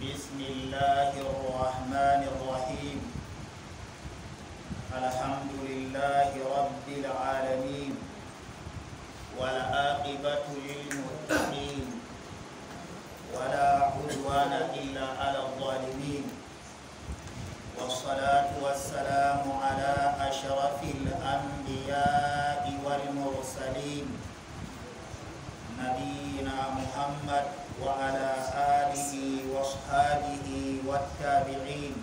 بسم الله الرحمن الرحيم الحمد لله رب العالمين والعاقبة للمتقين ولا عدوان إلا على الظالمين والصلاة والسلام على أشرف الأنبياء والمرسلين نبينا محمد وعلى آله وصحابه والتابعين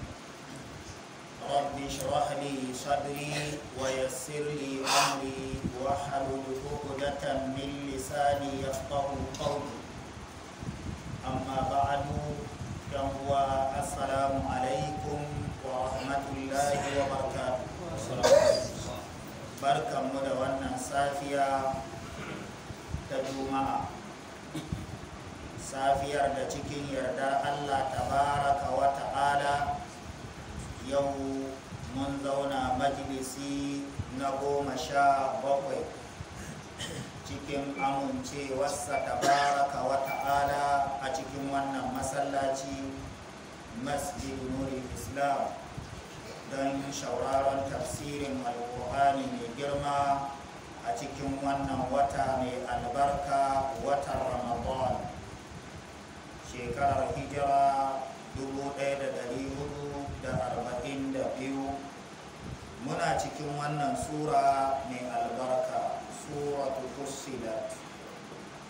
رب اشرح لي صدري ويسر لي أمري واحلل عقدة من لساني يفقه قولي أما بعد فهو السلام عليكم ورحمة الله وبركاته barkanmu da wannan safiya ta juma'a safiyar da cikin yarda Allah tabaraka wa ta'ala yau mun zauna majalisi na goma sha bakwai cikin amincewarsa tabaraka wa ta'ala a cikin wannan masallaci masjid nuri islam don shauraron tafsirin alkur'ani mai girma a cikin wannan wata mai albarka watan ramadan shekarar hijira 1442 muna cikin wannan sura mai albarka suratu fussilat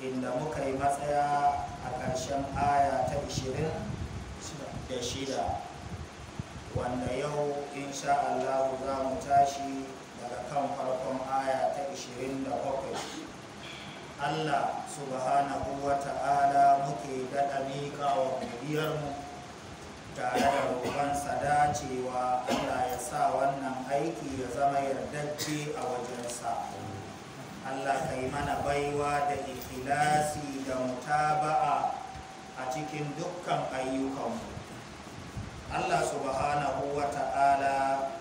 inda muka yi matsaya a ƙarshen aya ta 26 wanda yau in Allah za mu tashi daga kan farkon aya ta 27 Allah subhanahu wa ta'ala muke daɗa miƙa wa mu tare da roƙon dacewa Allah ya sa wannan aiki ya zama yardacce a wajensa. Allah ka yi mana baiwa da ikilasi da mutaba'a a cikin dukkan ayyukanmu. Allah subhanahu wa ta'ala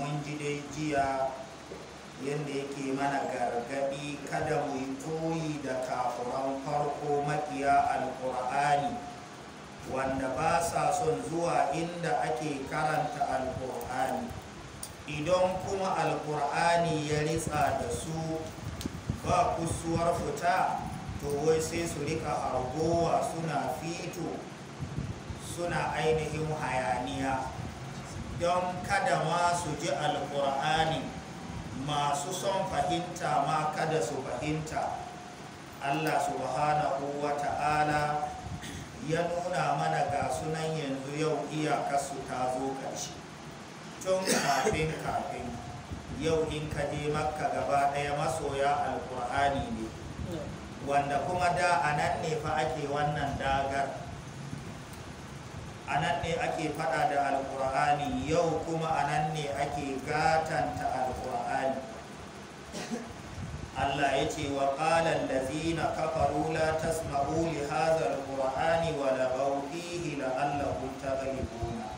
mun ji dai jiya yadda yake mana gargadi kada mu yi koyi da kafuran farko makiya Alƙur'ani, wanda ba sa son zuwa inda ake karanta alkur'ani idan kuma alkur'ani ya ritsa da su ba kusuwar fita to wai sai su rika argowa suna fito suna ainihin hayaniya don kada ma su ji Alƙur'ani. masu son fahimta ma kada su fahimta allah subhanahu wa ta'ala ya nuna mana ga sunan yanzu yau iyakarsu ta zo ƙarshe tun kafin kafin yau in ka je makka gaba ɗaya masoya alkur'ani ne hmm. wanda kuma da a nan ne fa ake wannan dagar a nan ne ake fada da alkur'ani yau kuma a nan ne ake gatanta alkur'ani Allah ya ce wa ƙalar zina kafaru la tasma'u li hazar ƙura'ani wa lagau fihi la'allahun taghlibuna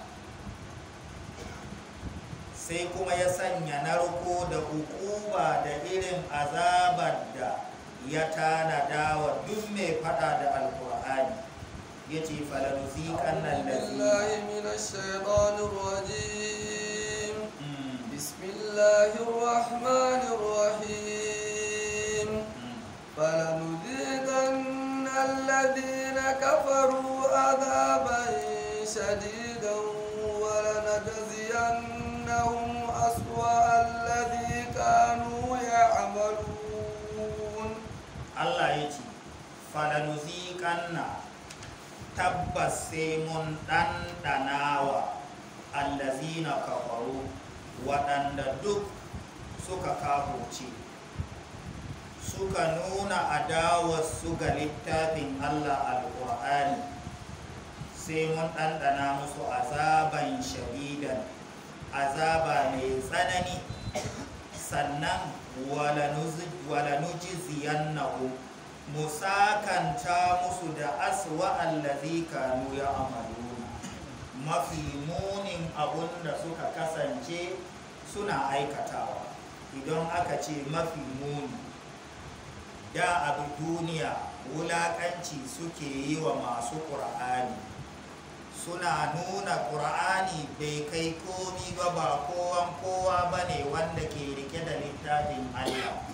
sai kuma ya sanya narko da hukuma da irin azabar da ya tanadawa dawa duk mai fada da alkur'ani خشيته فلنذيقن الذين الله من الشيطان الرجيم بسم الله الرحمن الرحيم فلنذيقن الذين كفروا أذابا شديدا ولنجزينهم أسوأ الذي كانوا يعملون الله يتي فلنذيقن الذين كفروا tabbas sai mun ɗanɗanawa allazina kafaru waɗanda duk suka ce suka nuna su ga littafin allah alƙur'ani sai mun ɗanɗana musu azaban shadidan azaba mai tsanani sannan walanujiziyan na'u musakanta musu da aswa allazi kanu ya amaluna mafi munin abun da suka kasance suna aikatawa idan aka ce mafi muni da abu duniya wulaƙanci suke yi wa masu ƙur'ani suna nuna Qur'ani bai kai komi ba ba kowan kowa ba ne wanda ke rike da littafin allah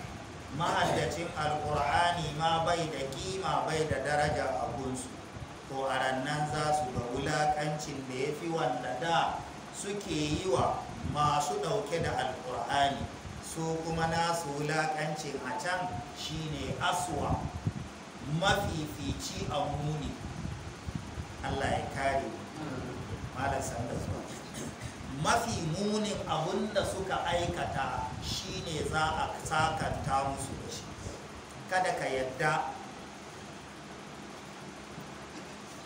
mahaddacin Alƙur'ani ma bai da kima bai da daraja a gunsu ko a rannan za su ga wulaƙancin da ya fi wanda da suke yi wa masu ɗauke da Alƙur'ani, su kuma nasu wulaƙancin a can shine aswa mafifici a muni allah ya kare sanda zuwa mafi munin abun da suka aikata shine za a sakanta musu da shi kada ka yadda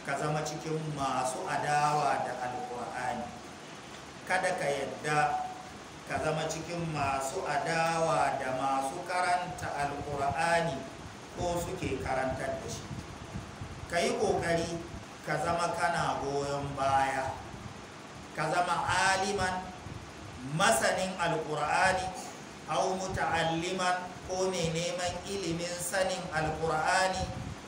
ka zama cikin masu adawa da alkur'ani kada ka yadda ka zama cikin masu adawa da masu karanta alkur'ani ko suke karantar da shi ka yi ƙoƙari ka zama kana goyon baya ka zama aliman masanin alkur'ani au muta'alliman ko mai neman ilimin sanin alkur'ani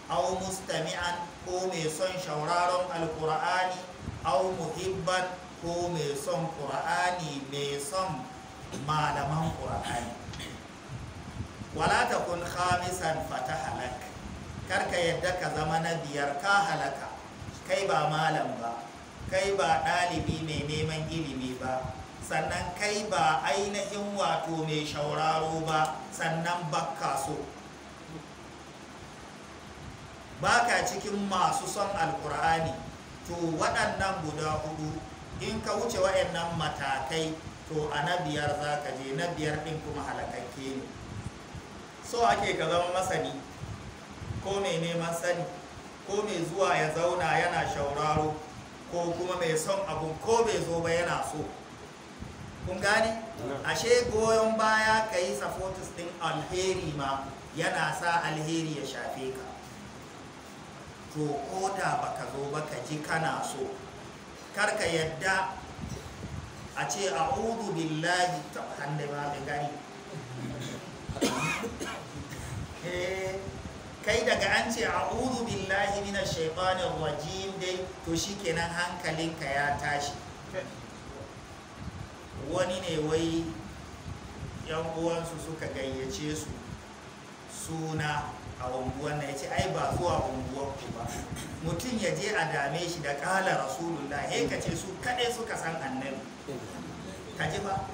au mustami'an ko mai son shauraron alkur'ani au muhibban ko mai son kur'ani mai son malaman kur'ani wala takun khamisan fata halak karka yadda ka zama na biyar ka halaka kai ba malam ba kai ba ɗalibi mai neman ilimi ba sannan kai ba ainihin wato mai shauraro ba sannan bakka so baka cikin masu son alkur'ani to waɗannan guda hudu in ka wuce waɗannan matakai to a na biyar za ka je na biyar ɗin kuma halakakke ne so ake ka zama masani ko mai neman sani ko mai zuwa ya zauna yana shauraro ko kuma mai son abu ko bai zo ba yana so kun gani? ashe goyon baya ka yi supporters din alheri ma yana sa alheri ya shafe ka to ko da baka zo ba ka ji kana so kar ka yadda a ce a udu billahi ta hande ma gani. Eh, kai daga an ce a'udhu billahi minash shaitanir rajim dai to shikenan hankalinka ya tashi wani ne wai yan uwansu suka gayyace su suna a unguwan na ya ce ai ba zuwa unguwar ku ba mutum ya je a dame shi da kala rasulullah he ka ce su kaɗai suka san annabi ka ji ba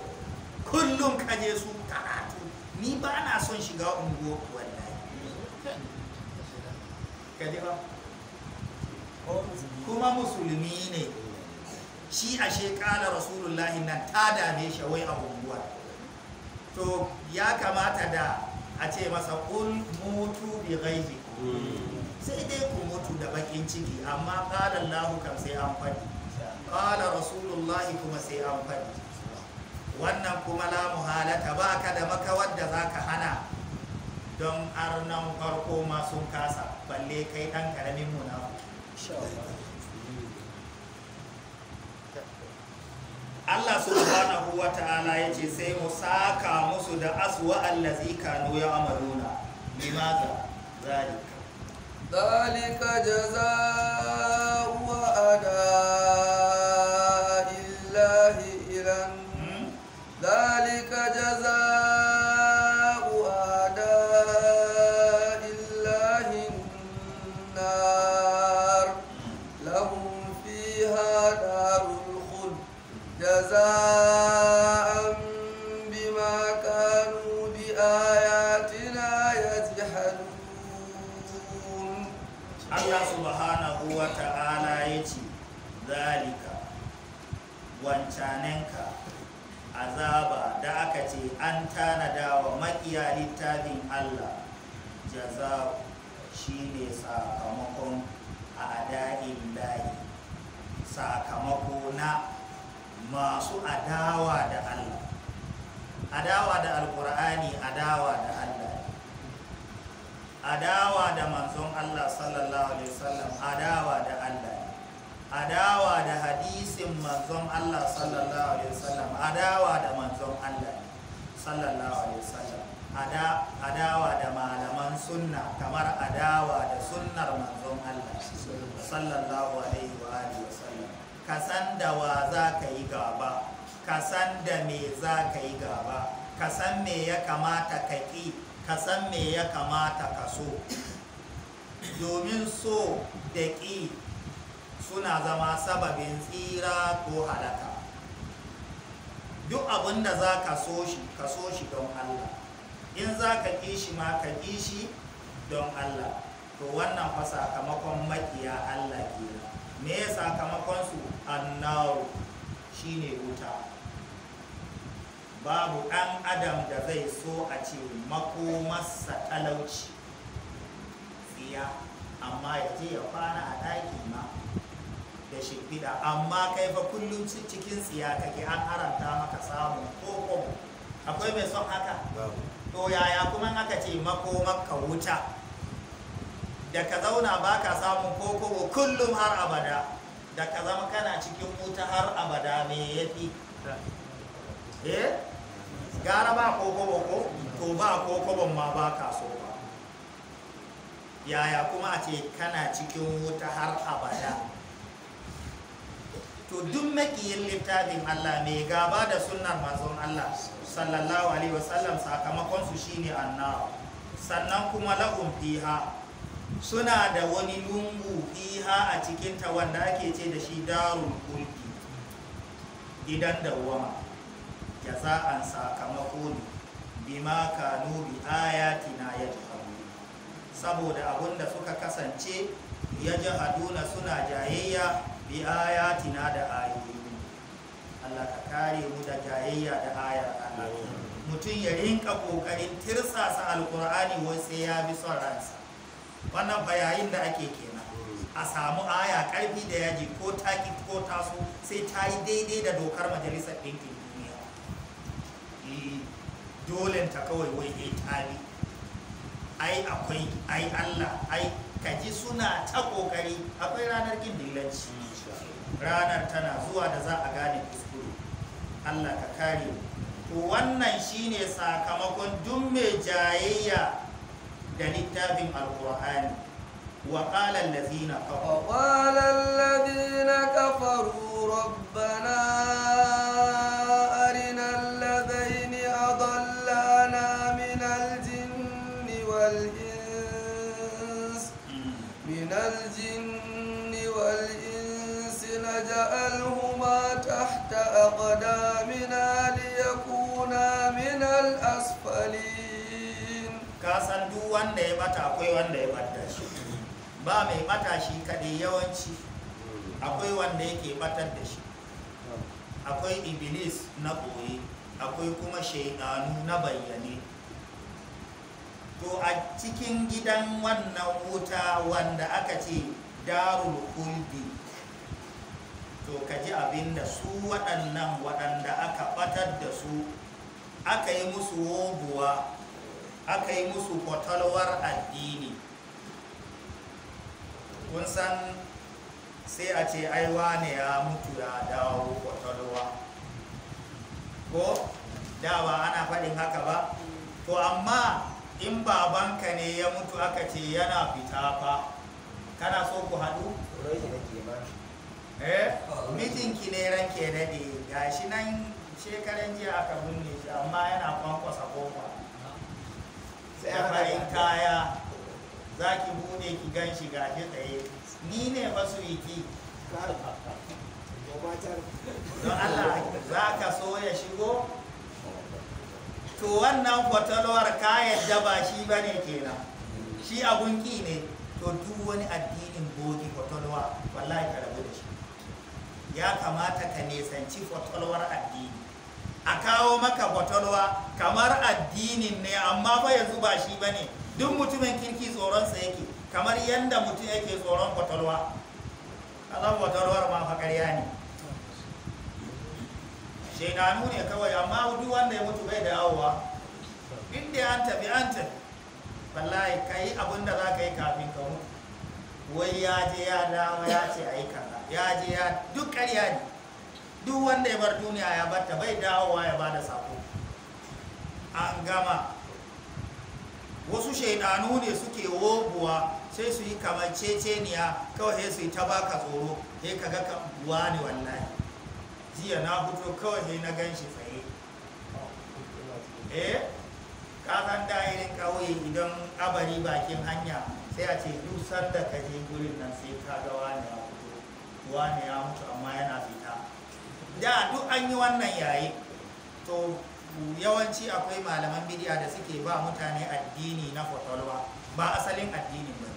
kullum ka je su karatu ni ba na son shiga unguwar ku wallahi ba kuma musulmi ne shi a kala rasulullahi nan ta dame shi wai a to ya kamata da a ce masa kul mutu bi ghaibi sai dai ku mutu da bakin ciki amma kala Allah kam sai an faɗi kala rasulullahi kuma sai an faɗi wannan kuma la muhalata ba ka da makawar da zaka hana don arnan farko ma kasa balle kai ɗan mu na Allah subhanahu wa ta'ala ya ce sai mu saka musu da aswa allazi kanu ya amaluna limaza zalika zalika jazaa'u wa adaa da aka ce an tanada wa makiya littafin Allah jaza shi ne sakamakon a ada'in layi sakamako na masu adawa da Allah adawa da alkur'ani adawa da Allah adawa da manzon Allah sallallahu alaihi wasallam adawa da Allah adawa da hadisin manzon Allah sallallahu alaihi wasallam adawa da manzon Allah sallallahu alaihi wasallam ada adawa da malaman sunna kamar adawa da sunnar manzon Allah sallallahu alaihi wa alihi wasallam ka san da wa za ka yi gaba ka san da me za ka yi gaba ka san me ya kamata ka ki ka san me ya kamata ka so domin so da ki suna zama sababin tsira ko halaka duk abin da za ka so shi ka so shi don Allah in za ka ƙi shi ma ka ƙi shi don Allah to wannan fa sakamakon makiya Allah ke me ya sakamakon su annaru shine wuta babu ɗan adam da zai so a ce makomarsa talauci tsiya amma yaje ya fara a ɗaki ma da shimfiɗa amma kai fa kullum cikin tsiya kake an haranta maka samu koko akwai mai son haka to yaya kuma aka ce mako ka wuta da ka zauna ba ka samun koko kullum har abada da ka zama kana cikin wuta har abada me yafi eh gara ba koko ko to ba koko ma ba ka so ba yaya kuma a ce kana cikin wuta har abada to duk makiyin littafin Allah mai gaba da sunnar manzon Allah sallallahu alaihi wasallam sakamakon su shine annawa sannan kuma lahum fiha suna da wani lungu fiha a cikin ta wanda ake ce da shi darul kulki gidan dawwama jaza'an sakamako ne bima kanu bi ayatina yajhabu saboda abinda suka kasance yajhaduna suna jayayya bi ayatina da ayoyi Allah ka kare mu da jayayya da ayar Allah mutum ya rinka kokarin tirsasa alkur'ani wai sai ya bi son ransa wannan bayayin da ake kenan a samu aya karfi da yaji ko taki ko taso sai ta yi daidai da dokar majalisar ɗinkin duniya eh, dolen ta kawai wai ya tabi ai akwai ai Allah ai kaji suna ta kokari akwai ranar kin dillanci ranar tana zuwa da za a gane kuskure Allah ka kare to wannan shine sakamakon duk mai jayayya da littafin alqur'ani wa qala allazina kafaru wa qala allazina kafaru rabbana تحت أقدامنا ليكونا من الأسفلين كاسان دو وان دي باتا أكوي وان دي باتا شي با مي باتا شي كدي يوان شي أكوي وان دي كي باتا دي شي أكوي إبليس نبوي أكوي كما شيطان نبيني to a cikin gidan wannan wuta wanda aka ce darul kulbi to ka ji abin da su waɗannan waɗanda aka ɓatar da su aka yi musu wobuwa aka yi musu kwatalwar addini kun san sai a ce aiwa ne ya mutu ya dawo kwatalwa ko dawa ana faɗin haka ba to amma in babanka ne ya mutu aka ce yana fita fa kana so ku haɗu? Eh? mijinki ne ranke daɗe gashi nan shekaran jiya aka binne shi amma yana kwankwasa kofa sai a farin kaya za ki bude ki gan shi gashi tsaye ni ne masoyiki don Allah za ka so ya shigo to wannan fatalwar ka yadda ba shi ba ne kenan shi abun ki ne to duk wani addinin bogi fatalwa. wallahi ka rabu ya kamata ka nesanci fotolwar addini a kawo maka fotolwa kamar addinin ne amma fa yanzu ba shi ba ne duk mutumin kirki tsoronsa yake kamar yadda mutum yake tsoron fatwalwa kazan fatwalwar ma fa ne shaidanu ne kawai amma duk wanda ya mutu bai da yawowa inda an tafi an tafi wallahi ka yi abin da za ka yi kafin ka mutu wai ya je ya dawo ya ce aika ya je ya duk ƙarya ne duk wanda ya bar duniya ya batta bai dawowa ya ba da sako an gama wasu shaidanu ne suke wobuwa sai su yi kamar ceceniya kawai sai su yi ta baka tsoro sai kaga ka buwa ne wallahi jiya na fito kawai sai na gan shi tsaye eh kasan da'irin ƙauye idan abari bakin hanya sai a ce duk sanda ka gurin nan sai ka ga wani abu ne ya mutu amma yana fita da duk an yi wannan yayi to yawanci akwai malaman bidiya da suke ba mutane addini na kwakwalwa ba asalin addinin ba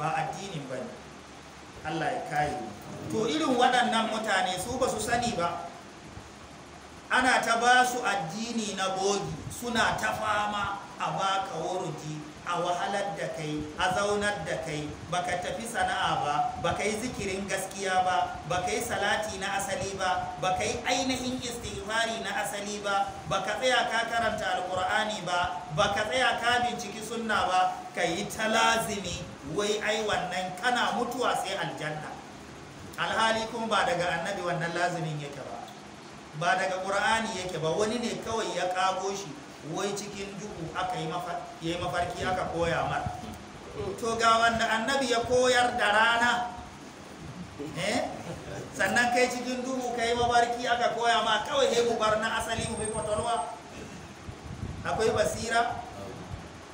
ba addinin ba Allah ya kayi to irin waɗannan mutane su ba su sani ba ana ta ba su addini na bogi suna ta fama a baka wuruji a wahalar da kai a zaunar da kai baka tafi sana'a ba baka yi zikirin gaskiya ba baka yi salati na asali ba baka yi ainihin istighfari na asali ba baka tsaya ka karanta alkur'ani ba baka tsaya ka binciki sunna ba ka yi ta lazimi wai ai wannan kana mutuwa sai aljanna alhali kuma ba daga annabi wannan lazimin yake ba ba daga ƙur'ani yake ba wani ne kawai ya kago shi wai cikin duhu aka yi mafarki aka koya mar to ga wanda annabi ya koyar da rana eh? sannan kai cikin duhu ka yi mafarki aka koya ma kawai ya yi na asali mu kwatalwa akwai basira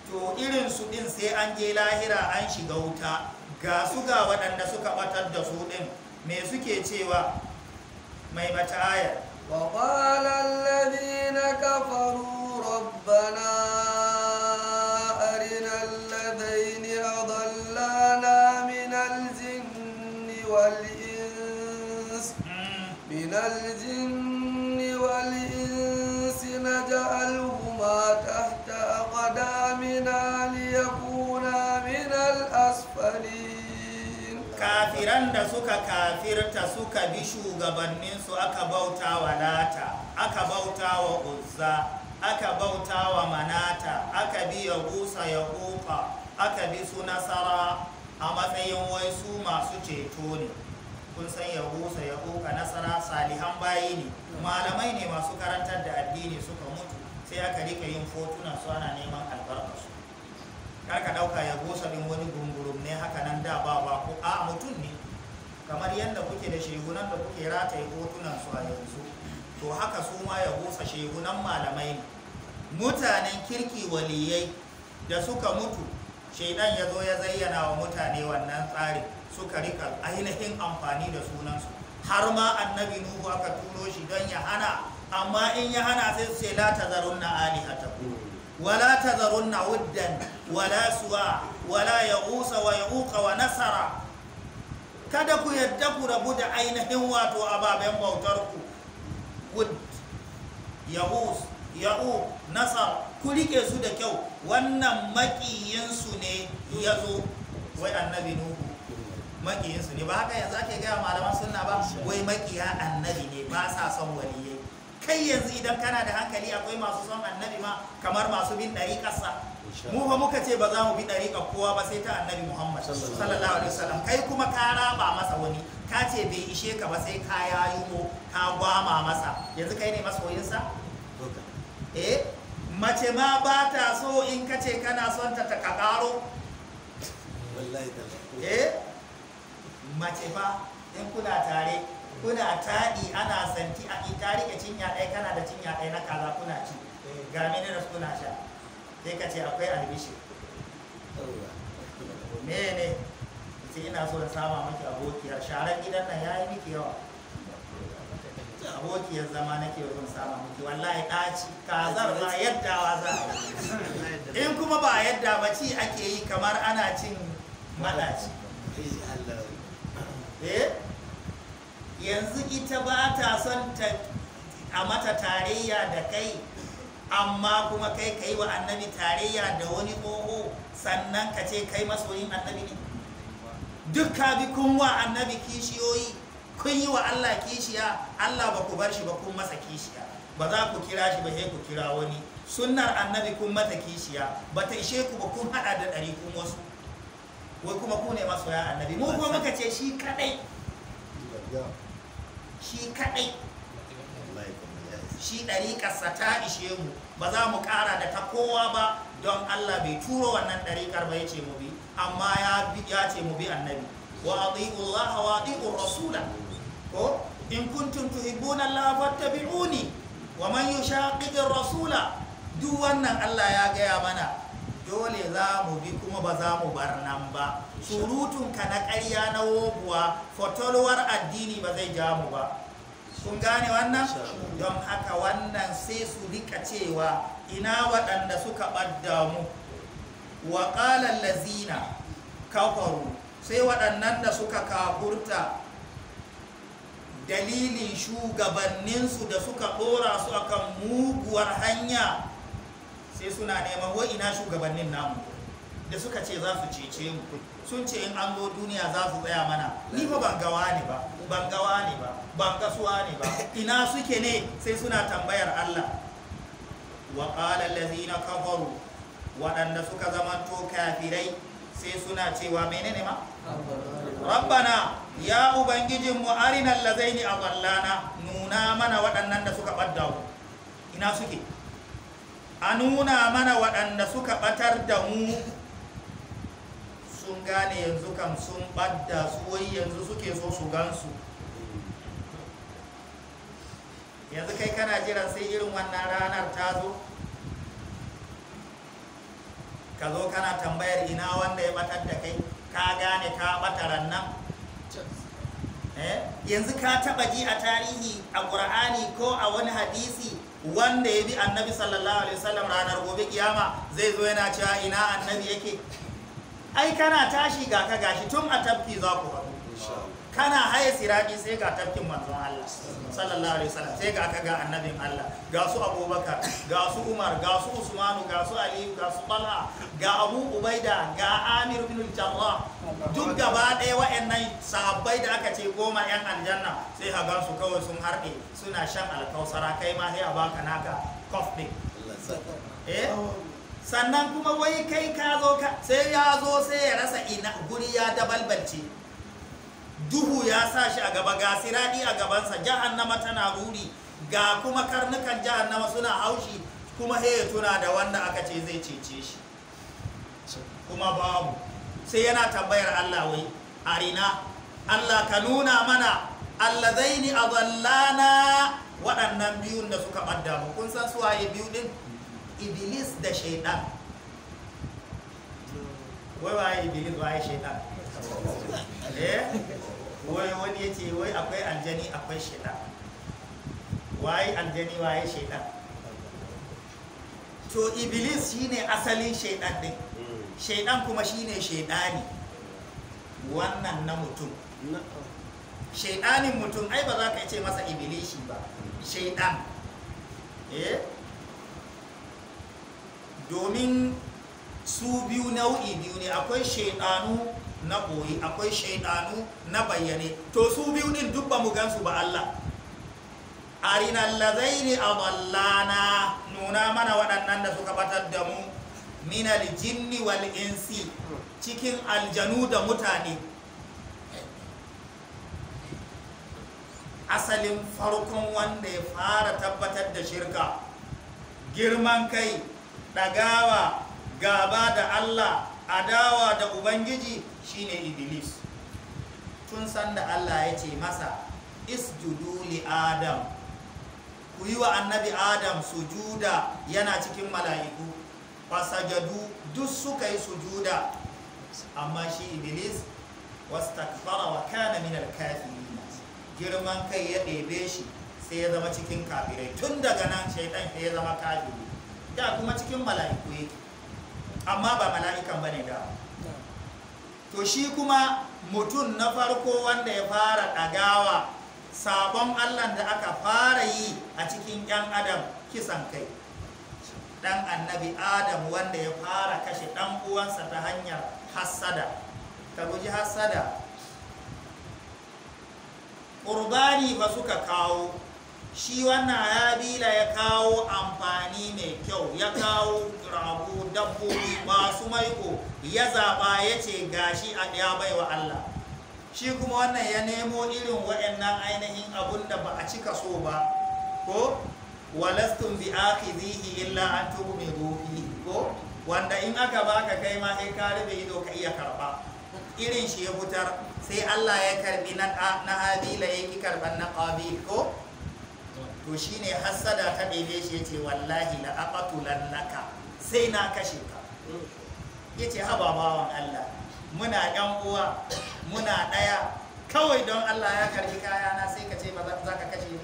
to irin su din sai an je lahira an shiga wuta ga su ga waɗanda suka batar da su ɗin, me suke cewa mai mata ayar وقال الذين كفروا ربنا أرنا الذين أضلانا من الجن والإنس من الجن والإنس نجعلهما تحت أقدامنا ليكونا من الأسفلين كافرا دسوك كافر تسوك بشو غبنين سوك بوتا ولاتا aka bauta wa uzza aka bauta wa manata aka bi ya gusa ya kofa aka bi su nasara a matsayin wai su masu ceto ne kun san ya gusa ya kofa nasara salihan bayi ne malamai ne masu karantar da addini suka mutu sai aka rika yin fotuna su ana neman su. ka ɗauka ya gusa din wani gungurum ne haka nan da ba ba ko a mutum ne kamar yadda kuke da shehunan da kuke rataye hotunan su a yanzu to haka su ma ya gusa shehunan malamai ne mutanen kirki waliyai da suka mutu shaidan ya zo ya zayyana wa mutane wannan tsarin suka rika ainihin amfani da sunansu har ma annabi nuhu aka turo shi don ya hana amma in ya hana sai ce la tazarunna alihatakum wala tazarunna wuddan wala suwa wala usa wa uka wa nasara kada ku yadda ku rabu da ainihin wato ababen bautar ku hud yahus ya'u nasar ku rike su da kyau wannan makiyinsu ne ya zo wai annabi nuhu makiyinsu ne ba haka yanzu ake gaya malaman sunna ba wai makiya annabi ne ba sa son wani waliyai kai yanzu idan kana da hankali akwai masu son annabi ma kamar masu bin ɗariƙarsa mu fa muka ce ba za mu bi ɗariƙar kowa ba sai ta annabi muhammad sallallahu alaihi wasallam kai kuma ka raba masa wani ka ce bai ishe ka ba sai ka ko ka gwama masa yanzu kai ne masoyinsa eh mace ma ba ta so in ka ce kana son ta ka karo eh mace ba in kuna tare kuna taɗi ana santi a ita rike cinya ɗaya kana da cinya ɗaya na kaza kuna ci eh, ga da kuna sha sai ka ce akwai albishi. mene sai ina so in sama miki abokiyar sharar gidan nan ya yi miki yawa abokiyar zama nake wajen sama miki wallahi ɗaci kazar ma wa za a in kuma ba yadda ba ci ake yi kamar ana cin maɗaci eh? yanzu ita ba ta son ta a mata tarayya da kai amma kuma kai kai wa annabi tarayya da wani oho sannan ka ce kai masoyin annabi ne duk ka bi kun wa annabi kishiyoyi kun yi wa Allah kishiya Allah ba ku bar shi ba kun masa kishiya ba za ku kira shi ba sai ku kira wani sunnar annabi kun mata kishiya ba ta ishe ku ba kun hada da dari kun wasu wai kuma ku ne masoya annabi mu kuma muka ce shi kadai shi kadai shi ɗariƙarsa ta ishe mu ba za mu kara da ta kowa ba don Allah bai turo wannan ɗariƙar ba ya ce mu bi amma ya ce mu bi annabi wa ati'u Allah wa rasula ko in kuntum tuhibbuna Allah fattabi'uni wa man yushaqiqir rasula duk wannan Allah ya gaya mana dole za mu bi kuma ba za mu bar nan ba surutunka na ƙarya na wobuwa fotolwar addini ba zai ja mu ba kun gane wannan don haka wannan sai su rika cewa ina waɗanda suka ɓadda mu wa ƙalar lazina kafaru sai waɗannan da suka kafurta dalilin shugabanninsu da suka ɗora su akan muguwar hanya sai suna neman wa ina shugabannin namu da suka ce za su cece mu sun ce in an zo duniya za su tsaya mana ni ba bangawa ne ba bangawa ne ba bangasuwa ne ba ina suke ne sai suna tambayar Allah wa ƙalar lazina kafaru waɗanda suka zamanto kafirai sai suna cewa menene ma rabbana ya ubangijinmu arinal lazaini adallana nuna mana waɗannan da suka ɓadda ina suke a nuna mana waɗanda suka ɓatar da mu sun gane yanzu kam sun ɓadda su wai yanzu suke so su gansu yanzu kai kana jiran sai irin wannan ranar ta zo ka zo kana tambayar ina wanda ya batar da kai ka gane ka bata rannan eh? yanzu ka taba ji a tarihi a ƙur'ani ko a wani hadisi wanda ya bi annabi sallallahu alaihi wasallam ranar gobe kiyama zai zo yana cewa ina annabi yake ai kana tashi ga ka gashi tun a tafki za ku haɗu kana haye siraki sai ga tafkin manzon Allah sallallahu alaihi wasallam sai ga kaga ga annabin Allah ga su Abubakar ga su Umar ga su Usman ga su Ali ga su Talha ga Abu Ubaida ga Amir bin Jarrah duk gaba ɗaya wa'annan sahabbai da aka ce goma yan aljanna sai ga su kawai sun harbe suna shan alkausara kai ma sai a baka naka kof din eh sannan kuma wai kai ka zo ka sai ya zo sai ya rasa ina guri ya dabalbalce duhu ya sa shi a gaba ga siradi a gabansa jahannama tana ruri ga kuma karnukan jahannama suna haushi kuma sai ya tuna da wanda aka ce zai cece shi kuma babu sai yana tambayar Allah wai arina Allah ka nuna mana allazaini adallana waɗannan biyun da suka ɓadda mu kun san su waye biyu din iblis da shaidan wai waye iblis waye shaidan eh wai wani ya ce wai akwai aljani akwai shida. waye aljani waye shaidan to iblis shine asalin shaidan din hmm. shaidan kuma shine shaidani wannan na mutum shaidanin mutum ai ba za ka ce masa ibilishi ba shaidan eh domin su biyu nau'i biyu ne akwai shaidanu na boyi akwai shaidanu na bayyane to su biyu din duk ba mu gansu ba Allah arina allazaini adallana nuna mana waɗannan da suka batar da mu minal jinni wal insi cikin aljanu da mutane asalin farkon wanda ya fara tabbatar da shirka girman kai ɗagawa gaba da Allah adawa da Ubangiji Shi ne iblis tun sanda Allah ya ce masa isjudu li adam ku yi wa annabi adam sujuda yana cikin mala'iku fasajadu duk suka yi sujuda amma shi iblis wastakbara wa kana min alkafirin girman kai ya ɗebe shi sai ya zama cikin kafirai tun daga nan shaitan sai ya zama kafiri da kuma cikin mala'iku yake amma ba mala'ikan bane da to shi kuma mutum na farko wanda ya fara ɗagawa sabon allah da aka fara yi a cikin 'yan adam kisan kai ɗan annabi adam wanda ya fara kashe ɗan uwansa ta hanyar hassada ta guji hassada ƙurbani ba suka kawo shi wannan habila ya kawo amfani mai kyau ya kawo rago dabbobi ba su maiko ya zaɓa ya ce gashi a ɗaya baiwa Allah shi kuma wannan ya nemo irin waɗannan ainihin abun da ba a cika so ba ko walastun bi zihi illa an mai gofi ko wanda in aka baka kai ma sai ka rube ido ka iya karba irin shi ya fitar sai Allah ya karbi na na ya ki karban na qabil ko to shine hassada ta ɗebe shi ce wallahi la aqatulannaka sai na kashe ka ya ce haba bawan Allah muna ƴan uwa muna ɗaya kawai don Allah ya karbi kayana sai ka ce za ka kashe ni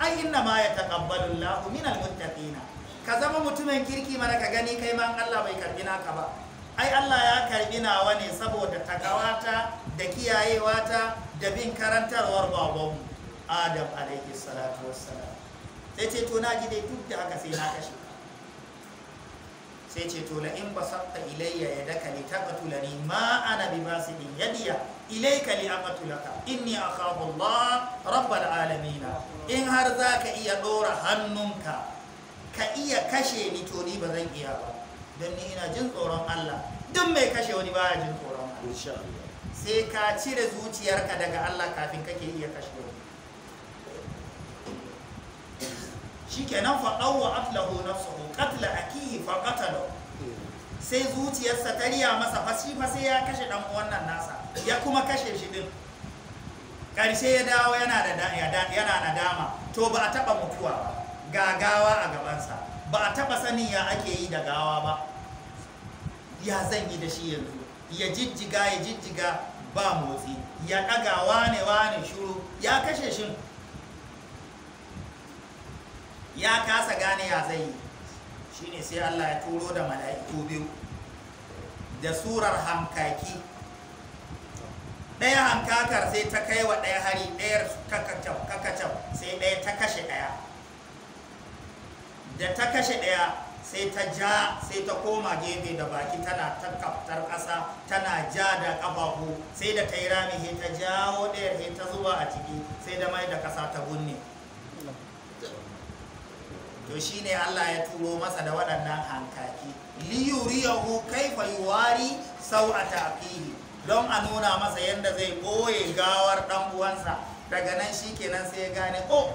ai inna ma ya taqabbalu Allahu minal muttaqina ka zama mutumin kirki mana ka gani kai ma Allah bai karbi naka ba ai Allah ya karbi nawa ne saboda takawata da kiyayewata da bin karantarwar babanmu Adam alaihi salatu wassalam sai ce to na ji dai duk da haka sai na kashe sai ce to la in basatta ilayya yadaka li taqtulani ma ana bi basidin yadiya ilayka li aqtulaka inni akhafu Allah rabbal alamin in har zaka iya dora hannunka ka iya kashe ni to ni ba zan iya ba don ni ina jin tsoron Allah duk mai kashe wani baya jin tsoron Allah sai ka cire zuciyarka daga Allah kafin kake iya kashe shikenan fa dawwa atlahu nafsuhu qatla akihi fa qatalahu sai zuciyarsa ta riya masa fashi fa sai ya kashe dan wannan nasa ya kuma kashe shi din karshe ya dawo yana da yana dama to ba a taba mutuwa ba ga gawa a gabansa ba a taba sanin ya ake yi da gawa ba ya zan yi da shi yanzu ya jijjiga ya jijjiga ba motsi ya ɗaga wane wane shuru ya kashe shi. ya kasa gane ya zai yi shine sai Allah ya turo da mala'iku biyu da surar hankaki. ɗaya hankakar sai ta kai wa ɗaya hari ɗayar kakacau sai ɗaya ta kashe ɗaya da ta kashe ɗaya sai ta ja sai ta koma gefe da baki tana ta kaftar ƙasa tana ja da ƙafafu sai da ta yi rami sai ta jawo ɗayar sai ta zuba a ciki sai da mai da ƙasa ta gunne to ne Allah ya turo masa da waɗannan hankaki kai kaifa sau a aqihi don a nuna masa yadda zai boye gawar ɗan uwansa daga nan shi nan sai ya gane ko oh,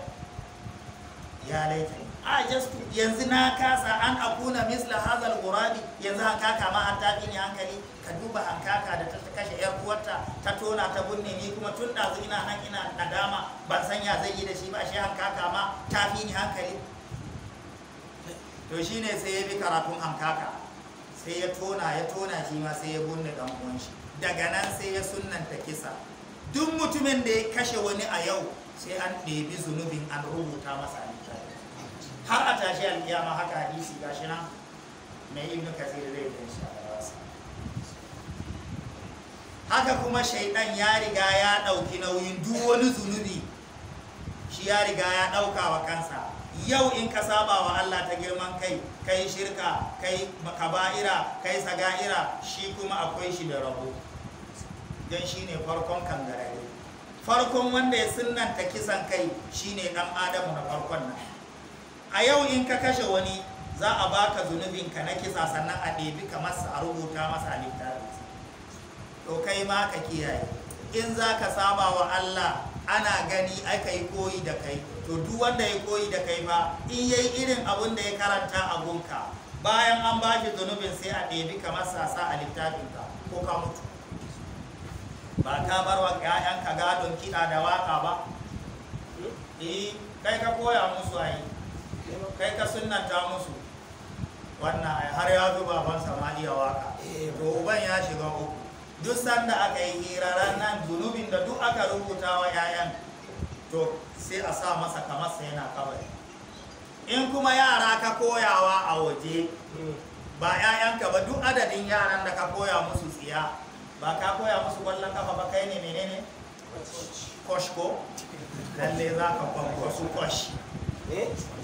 ya laifin a ah, just yanzu na kasa an akuna misla hazal gurabi yanzu haka ma an tafi ni hankali ka duba hankaka da ta kashe yar uwarta ta tona ta bunne ni kuma tun ɗazu ina nan ina nadama ban sanya zai yi da shi ba shi hankaka ma tafi ni hankali to shi ne sai ya bi karatun hankaka sai ya tona ya tona shi ma sai ya bunne dan uwan shi daga nan sai ya sunnanta kisa duk mutumin da ya kashe wani a yau sai an ɗebi zunubin an rubuta masa littafi har a tashi alƙiyama haka hadisi gashi nan mai ibn kasir zai gan shi a haka kuma shaidan ya riga ya ɗauki nauyin duk wani zunubi shi ya riga ya ɗauka wa kansa yau in ka saba wa Allah ta girman kai kai shirka kai kaba'ira kai saga'ira shi kuma akwai shi da rabo don shi ne farkon kangarare farkon wanda ya ta kisan kai shi ne ɗan adamu na farkon nan a yau in ka kashe wani za a baka ka na kisa sannan a ɗebi ka masa a rubuta masa a littafinsa to kai ma ka kiyaye in za ka saba wa Allah ana gani aka yi koyi da kai to duk wanda ya koyi da kai ba in yayi irin abun da ya karanta a gunka bayan an ba shi zunubin sai a ɗebi kamar sasa a littafinka ko ka mutu ba ka bar wa ka gadon kiɗa da waka ba eh kai ka koya musu ai kai ka sunnanta musu wannan har ya zo baban samaniya waka to uban ya shiga uku duk sanda aka yi hira ranar zunubin da duk aka rubuta wa 'ya'yan to sai a sa masa kamar sa yana kawai. in kuma yara ka koyawa a waje ba 'ya'yanka ba duk adadin yaran da ka koya musu tsiya ba ka koya musu kwallon kafa ba kai ne menene ko? lalle za ka su kosh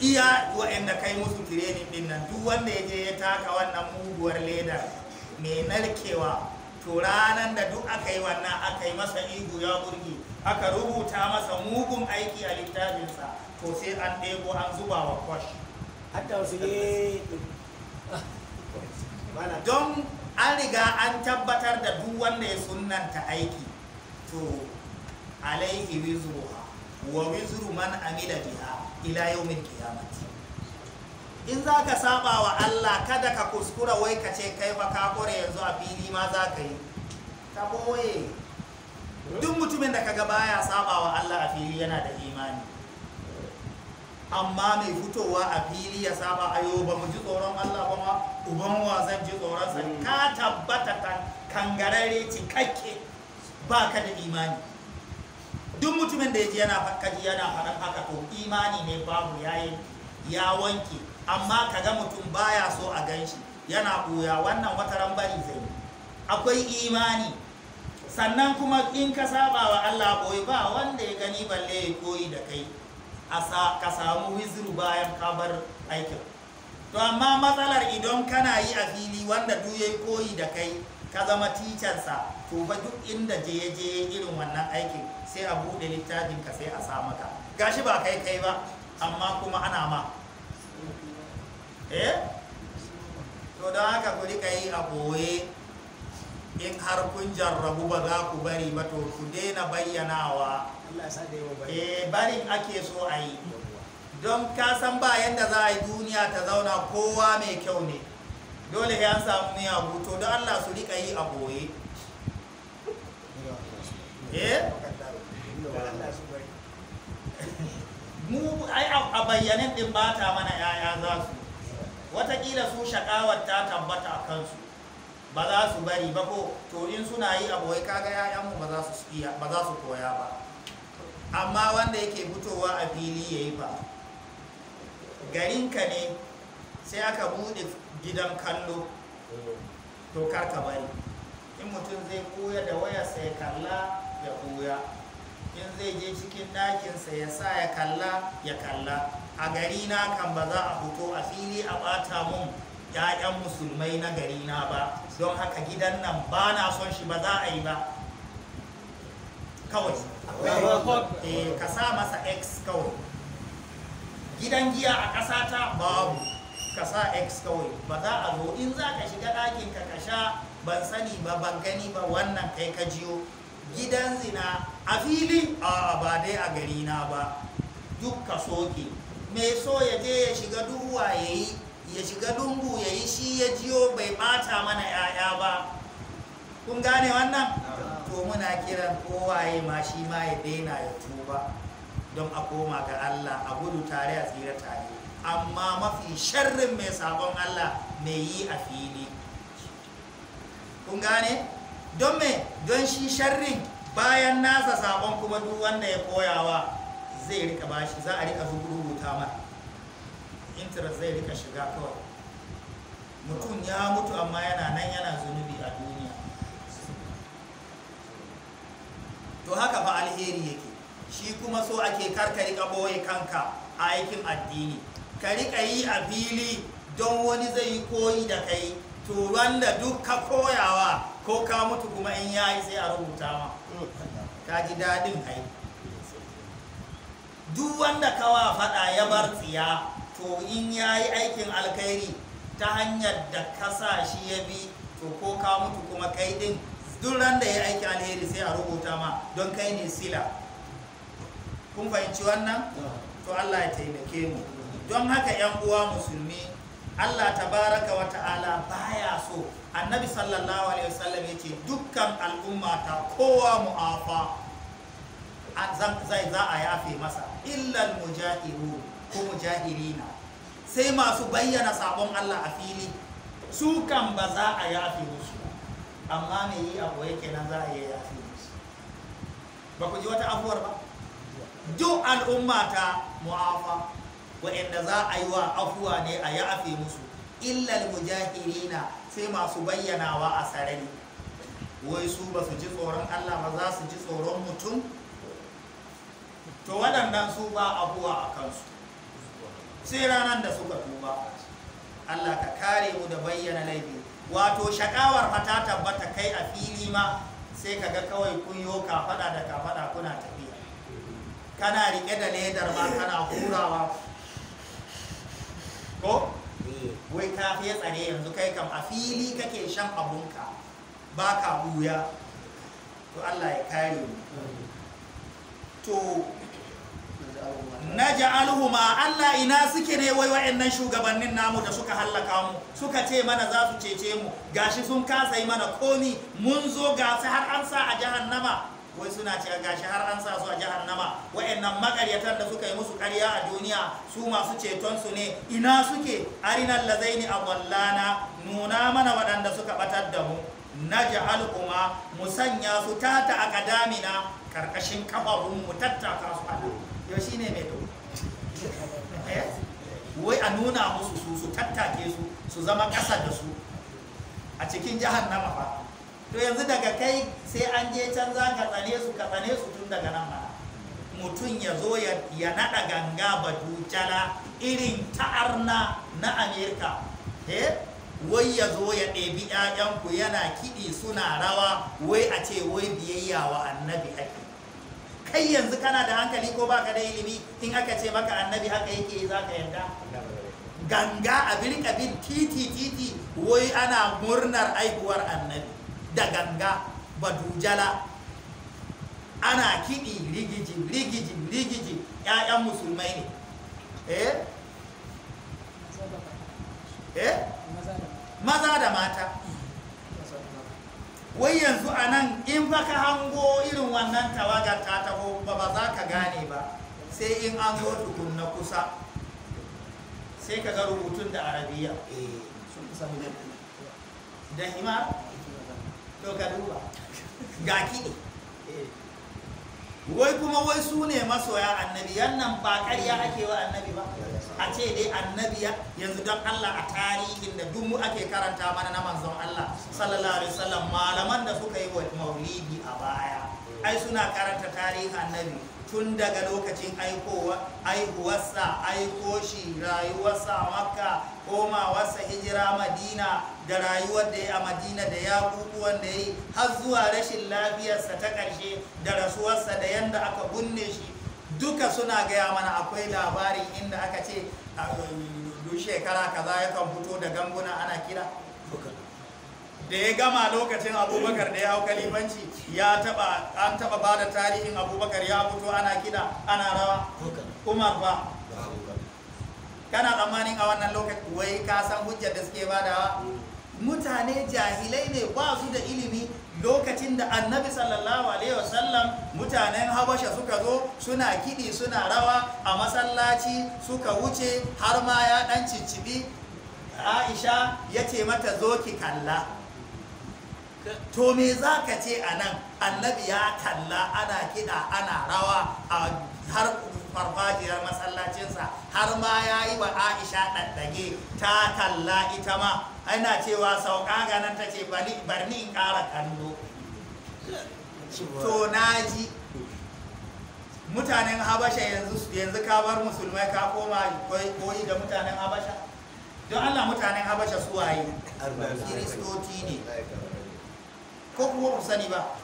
iya waɗanda kai musu tirenin ɗin nan duk wanda ya je ya taka wannan muguwar leda mai narkewa to ranar da duk aka yi wannan aka yi masa ihu ya burge aka rubuta masa mugun aiki a littafinsa to sai an ɗebo an zuba wa kwash don an riga an tabbatar da duk wanda ya sunanta aiki to alaihi wizruha wa wizuru man amila biha ila yau yawmin qiyamah in za ka saba wa Allah kada ka kuskura wai ka ce kai ba ka kore yanzu a fili ma za ka yi ka boye duk mutumin da kaga baya saba wa Allah a fili yana da imani amma mai fitowa a fili ya saba ayo ba mu ji tsoron Allah ba ma uban wa zan ji tsoron sa mm. ka tabbata kangarare cikakke ka da imani duk mutumin da yaji yana fakkaji yana faɗan haka to imani ne babu yayi ya wanke amma kaga mutum baya so a gan shi yana koya wannan wata rambari zai akwai imani sannan kuma in ka saba wa Allah boye ba wanda ya gani balle ya koyi da kai ka samu wiziru bayan ka aikin to amma matsalar idan kana yi a fili wanda du ya koyi da kai ka zama ticansa to ba duk inda je je irin wannan aikin sai a buɗe littafin ka sai a sa maka gashi ba kai kai ba amma kuma ana ma eh to don haka ku rika yi a boye in har kun jarrabu ba za ku bari ba to ku daina bayyanawa eh bari ake so a yi don ka san ba yadda za a yi duniya ta zauna kowa mai kyau ne dole ya samu miyagu to don allah su rika yi a boye eh? mu a bayyanin din ba ta mana yaya za su watakila su shakawar ta tabbata a kansu ba za su bari ba ko to in suna yi abuwai kaga yayanmu ba za su koya ba amma wanda yake fitowa a fili ya yayi ba garinka ne sai aka buɗe gidan kallo to karka bari in mutum zai koya da wayarsa ya kalla ya koya in zai je cikin ɗakinsa ya sa ya kalla ya kalla a gari na kan ba za a fito a fili a ɓata mun ‘ya'yan musulmai na gari na ba don haka gidan nan ba na son shi ba za a yi ba kawai eh, ka sa masa x kawai gidan giya a ƙasa ta babu ka sa x kawai ba za a zo in za ka shiga ɗakin ka sha ban sani ba ban gani ba wannan kai ka jiyo gidan zina a fili a ba dai a gari na ba duk ka soke mai so ya je ya shiga duhuwa ya yi ya shiga dungu ya yi shi ya jiyo bai bata mana 'ya'ya ba kun gane wannan to muna kiran kowaye ma shi ma ya daina ya tuba don a koma ga Allah a gudu tare a tsira tare amma mafi sharrin mai sabon Allah mai yi a fili kun gane don me don shi sharrin bayan nasa sabon kuma duk wanda ya koyawa zai rika bashi za a rika rubuta ma interest zai rika shiga kawai mutum ya mutu amma yana nan yana zunubi a duniya to haka fa alheri yake shi kuma so ake karkari rika boye kanka a aikin addini ka rika yi a fili don wani zai yi koyi da kai to wanda duk ka koyawa ko ka mutu kuma in yayi sai a rubuta ma ka ji daɗin kai duk wanda kawa faɗa ya bar tsiya to in ya yi aikin alkhairi ta hanyar da kasa shi ya bi to ko ka mutu kuma kai din duk randa ya aiki alheri sai a rubuta ma don kai ne sila kun fahimci wannan to Allah ya taimake mu don haka yan uwa musulmi Allah tabaraka wa ta'ala baya so annabi sallallahu alaihi wasallam ce dukkan al'umma ta kowa mu'afa za a yafe masa illal mujahiru ko mujahirina sai masu bayyana sabon Allah a fili su kan ba za a yafe musu amma me yi abu yake nan za a yi yafe musu ba ku ji wata afuwar ba duk al'umma ta mu'afa waɗanda za a yi wa afuwa ne a yafe musu illal mujahirina sai masu bayyanawa a sarari wai su ba su ji tsoron Allah ba za su ji tsoron mutum to waɗannan su ba abuwa a kansu sai ranar da suka tuba Allah ka kare mu da bayyana laifi wato shakawar fata tabbata kai a fili ma sai ka ga kawai kun yo kafada da kafada kuna tafiya kana rike da ledar ma kana hurawa ko wai ka fiye tsare yanzu kai kam a fili kake shan abunka ba ka buya to Allah ya kare mu to naj'aluhuma Allah ina suke ne wai nan shugabannin namu da suka hallaka mu suka ce mana za su cece mu gashi sun kasa yi mana komi mun zo ga har an sa a jahannama wai suna ce gashi har an sa su a jahannama nan makaryatar da suka yi musu ƙarya a duniya su masu ceton su ne ina suke arinal lazaini wallana nuna mana waɗanda suka batar da mu mu sanya su tata akadamina karkashin kafafunmu tattaka su a yau shi ne mai to eh? wai a nuna musu su su tattake su su zama ƙasa da su a cikin na mafa to yanzu daga kai sai an je can za ka tsane su ka tsane su tun daga nan mana mutum ya zo ya naɗa ganga badujala irin ta'arna na amerika eh? wai ya zo ya ɗebi 'ya'yanku yana kiɗi suna rawa wai a ce wai biyayya wa annabi ake kai yanzu kana da hankali ko baka da ilimi in aka ce maka annabi haka yake za ka yarda ganga a birka bin titi titi wai ana murnar aikuwar annabi da ganga badujala ana kiɗi rigiji rigiji rigiji 'ya'yan musulmai ne eh eh maza da mata eh? wai yanzu a nan in fa ka hango irin wannan tawagar ta taho ba ba za ka gane ba sai in an zo tukun na kusa sai ka ga rubutun da arabiya eh, da hima to ka duba ga kiɗi eh. wai kuma wai su ne masoya annabi yannan ba ƙarya ake wa annabi ba a ce dai Annabiya, yanzu don Allah a tarihin da duk ake karanta mana na manzon Allah sallallahu alaihi wasallam malaman da suka yi wa maulidi a baya ai suna karanta tarihin annabi tun daga lokacin aikowa aihuwarsa aiko shi rayuwarsa makka komawarsa hijira madina da rayuwar da ya a madina da ya kukuwan da yi har zuwa rashin lafiyarsa ta ƙarshe da rasuwarsa da yanda aka bunne shi duka suna gaya mana akwai labarin inda aka ce duk shekara kaza ya kan fito da ganguna ana kira da ya gama lokacin abubakar da ya hau kalibanci ya taba an taba ba da tarihin abubakar ya fito ana kida ana rawa umar ba kana tsammanin a wannan lokacin wai ka san hujjar da suke da mutane jahilai ne ba su da ilimi lokacin da annabi sallallahu alaihi wasallam mutanen habasha suka zo suna kiɗi suna rawa a masallaci suka wuce har ma ya ɗan ciccibi aisha ya ce mata zo ki kalla to me za ka ce a nan annabi ya kalla ana kiɗa ana rawa har farfajiyar masallacinsa har ma ya yi wa aisha ɗaɗɗage ta talla ita ma ana cewa sau ganin ta ce barni in ƙara kallo to naji mutanen habasha yanzu yanzu ka bar musulmai ka koma koyi da mutanen habasha don allah mutanen habasha su waye kiristoci ne ko kuma ku sani ba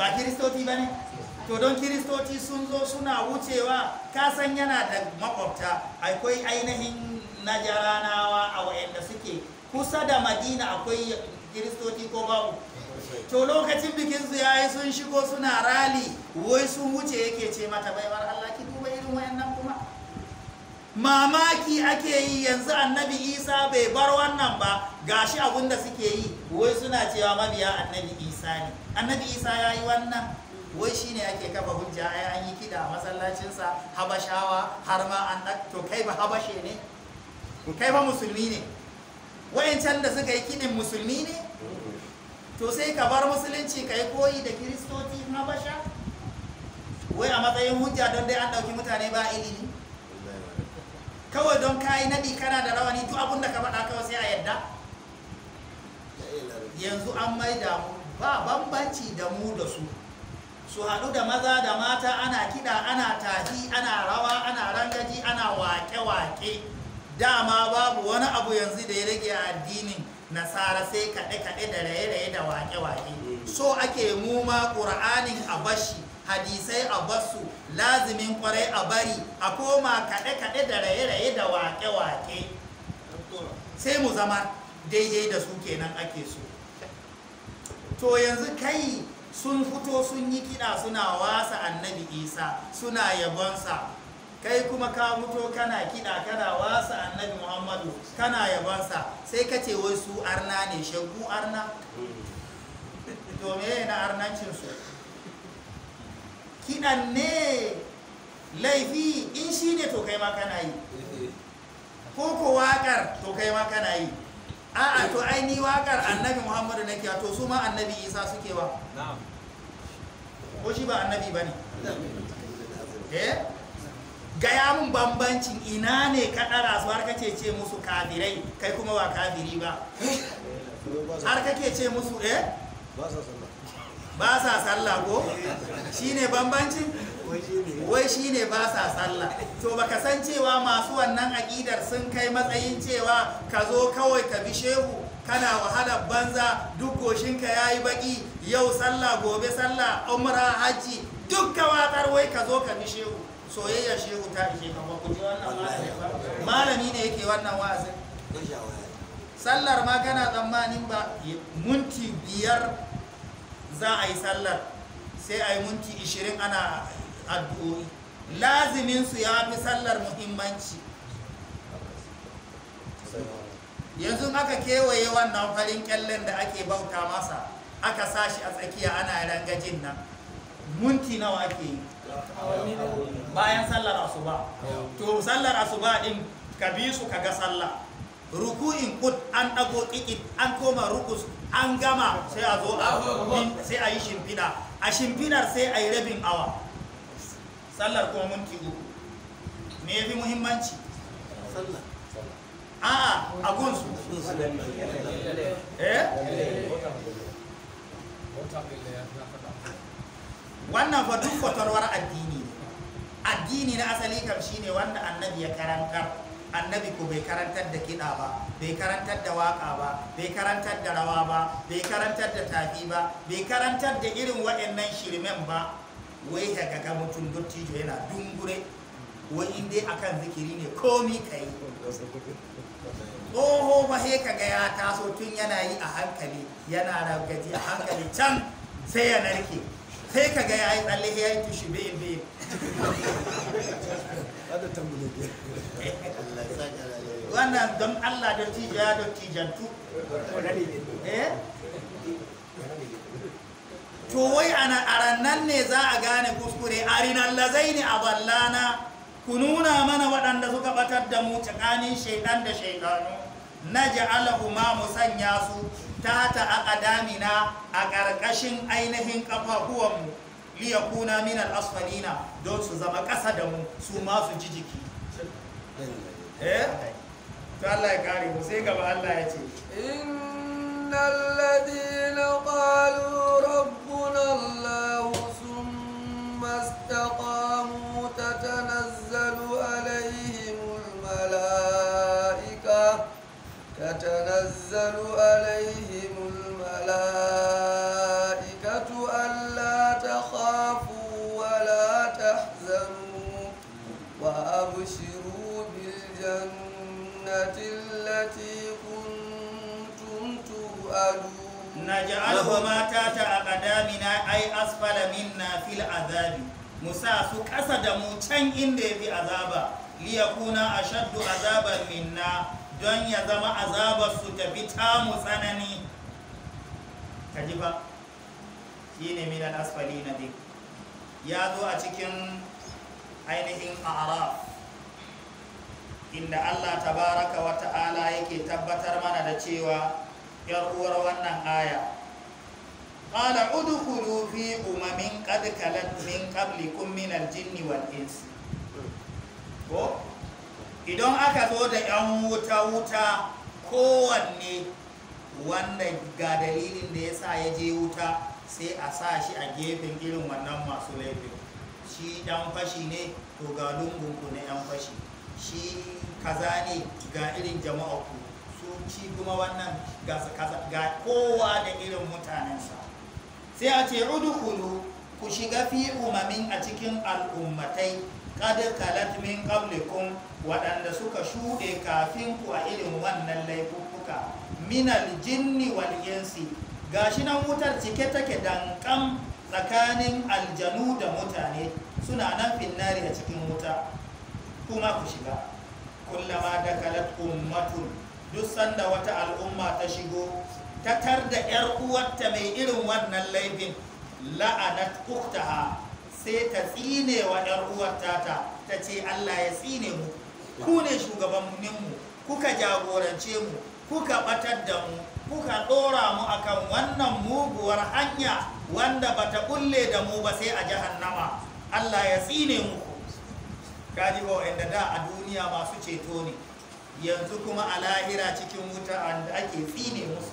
ba kiristoci ba ne to don kiristoci sun zo suna wucewa kasan yana da makwabta akwai ainihin najaranawa a wayanda suke kusa da madina akwai kiristoci ko babu to lokacin bikin su ya yi sun shigo suna rali wai sun wuce yake ce mata baiwar Allah ki duba irin wayannan kuma mamaki ake yi yanzu annabi isa bai bar wannan ba gashi abinda suke yi wai suna cewa mabiya annabi isa ne annabi isa ya yi wannan wai shine ake kafa hujja ai an yi kida a masallacinsa habashawa har ma an ɗan. to kai ba habashe ne kai ba musulmi ne wayancan da suka yi kidin musulmi ne to sai ka bar musulunci ka yi koyi da kiristoci habasha wai a matsayin hujja don dai an ɗauki mutane ba ilimi kawai don kayi nadi kana da rawani duk abin da ka faɗa kawai sai a yadda yanzu an maida mu ba bambanci da mu da su su haɗu da maza da mata ana kiɗa ana tafi ana rawa ana rangaji ana wake-wake. waƙe dama babu wani abu yanzu da ya rage a addinin nasara sai kaɗe-kaɗe da raye-raye da wake-wake. so ake muma ƙur'anin a bashi hadisai a basu lazimin ƙwarai a bari a koma kaɗe-kaɗe da raye-raye da wake-wake. sai mu zama daidai da su kenan ake so to yanzu kai sun fito sun yi kiɗa suna wasa annabi isa suna yabonsa kai kuma ka fito kana kiɗa kana wasa annabi muhammadu kana yabonsa sai ka ce wai su arna ne shaggu arna to me na arnancinsu kiɗan ne laifi in shi ne to kai ma kana yi ko ko waƙar to kai ma kana yi a'a to ai ni wakar annabi muhammadu nake to su ma annabi isa suke ba ko shi ba annabi ba ne eh? gaya mun bambancin ina ne ka su har kake ce musu kafirai kai kuma ba kafiri ba har kake ce musu eh ba sa sallah ko shine bambancin wai shi ne ba sa sallah to baka san cewa masu wannan aƙidar sun kai matsayin cewa ka zo kawai ka bi shehu kana wahalar banza duk goshinka ya yi baƙi yau sallah gobe sallah umra hajji duk kawatar wai ka zo ka bi shehu soyayya shehu ta ishe ka wannan malami ne yake wannan wa'azin sallar ma kana tsammanin ba munti biyar za a yi sallar sai a yi munti ishirin ana addu'o'i lazimin su ya fi sallar muhimmanci yanzu aka kewaye wannan farin kyallen da ake bauta masa aka sashi a tsakiya ana rangajin nan munti nawa ake yi bayan sallar asuba to sallar asuba din ka bi su ka ga sallah ruku'in kut an dago kikit an koma rukus an gama sai a zo a yi a shimfinar sai a yi rabin awa sallar kuma minti uku me ya muhimmanci sallar a a gunsu eh? wannan fa duk fatarwar addini ne addini na asali kam shine wanda annabi ya karantar annabi ko bai karantar da kiɗa ba bai karantar da waƙa ba bai karantar da rawa ba bai karantar da tafi ba bai karantar da irin waɗannan shirmen ba wai daga gaga mutum dottijo yana dungure wai inda akan zikiri ne komi ka yi tsoho ba sai kaga ya taso tun yana yi a hankali yana gaji a hankali can sai ya narke sai kaga ya yi tsalle ya yi tushi bai bai wannan don allah dottijo ya dottijantu eh to wai a rannan ne za a gane kuskure a rinallazai ne a ballana ku nuna mana waɗanda suka batar da mu tsakanin shaidan da shaidanu na ja'alahu ma mu sanya su ta ta a ƙarƙashin ainihin ƙafafuwanmu liya kuna min asfalina don su zama ƙasa da mu su ma su ji jiki eh? sai gaba Allah ya إن الذين قالوا ربنا الله ثم استقاموا تتنزل عليهم الملائكة ألا تخافوا ولا تحزنوا وأبشروا بالجنة التي كنتم قالوا naj'aluhuma tata aqdamina ay asfala minna fil azabi musa su kasa da mu can inda yafi azaba liyakuna ashaddu azaban minna don ya zama azabar su tafi tamu tsanani kaji shine min al asfali na din ya zo a cikin ainihin a'raf inda Allah tabaraka wa ta'ala yake tabbatar mana da cewa yar uwar wannan aya qala udkhulu fi umamin qad kalat min qablikum min al-jinni wal idan aka zo da yan wuta wuta kowanne wanda ga dalilin da ya sa ya je wuta sai a sa shi a gefen irin wannan masu laifin shi dan fashi ne to ga ku na yan fashi shi kaza ne ga irin jama'a ku shi kuma wannan ga kowa da irin mutanensa sai a ce udkhulu ku shiga fi umamin a cikin al'ummatai kadir kalat min qablikum waɗanda suka shuɗe kafin ku a irin wannan laifuffuka minal jinni wal insi gashi nan wutar cike take dankan tsakanin aljanu da mutane suna nan finnari a cikin wuta kuma ku shiga kullama da kalat ummatun duk sanda wata al'umma ta shigo ta tar da 'yar uwarta mai irin wannan laifin la'anat uktaha sai ta tsine wa 'yar uwarta ta ta ce Allah ya tsine mu ku ne shugabanninmu kuka jagorance mu kuka batar da mu kuka ɗora mu akan wannan muguwar hanya wanda bata kulle da mu ba sai a jahannama Allah ya tsine mu kaji ba da a duniya masu ceto ne yanzu kuma a lahira cikin wuta da ake tsine musu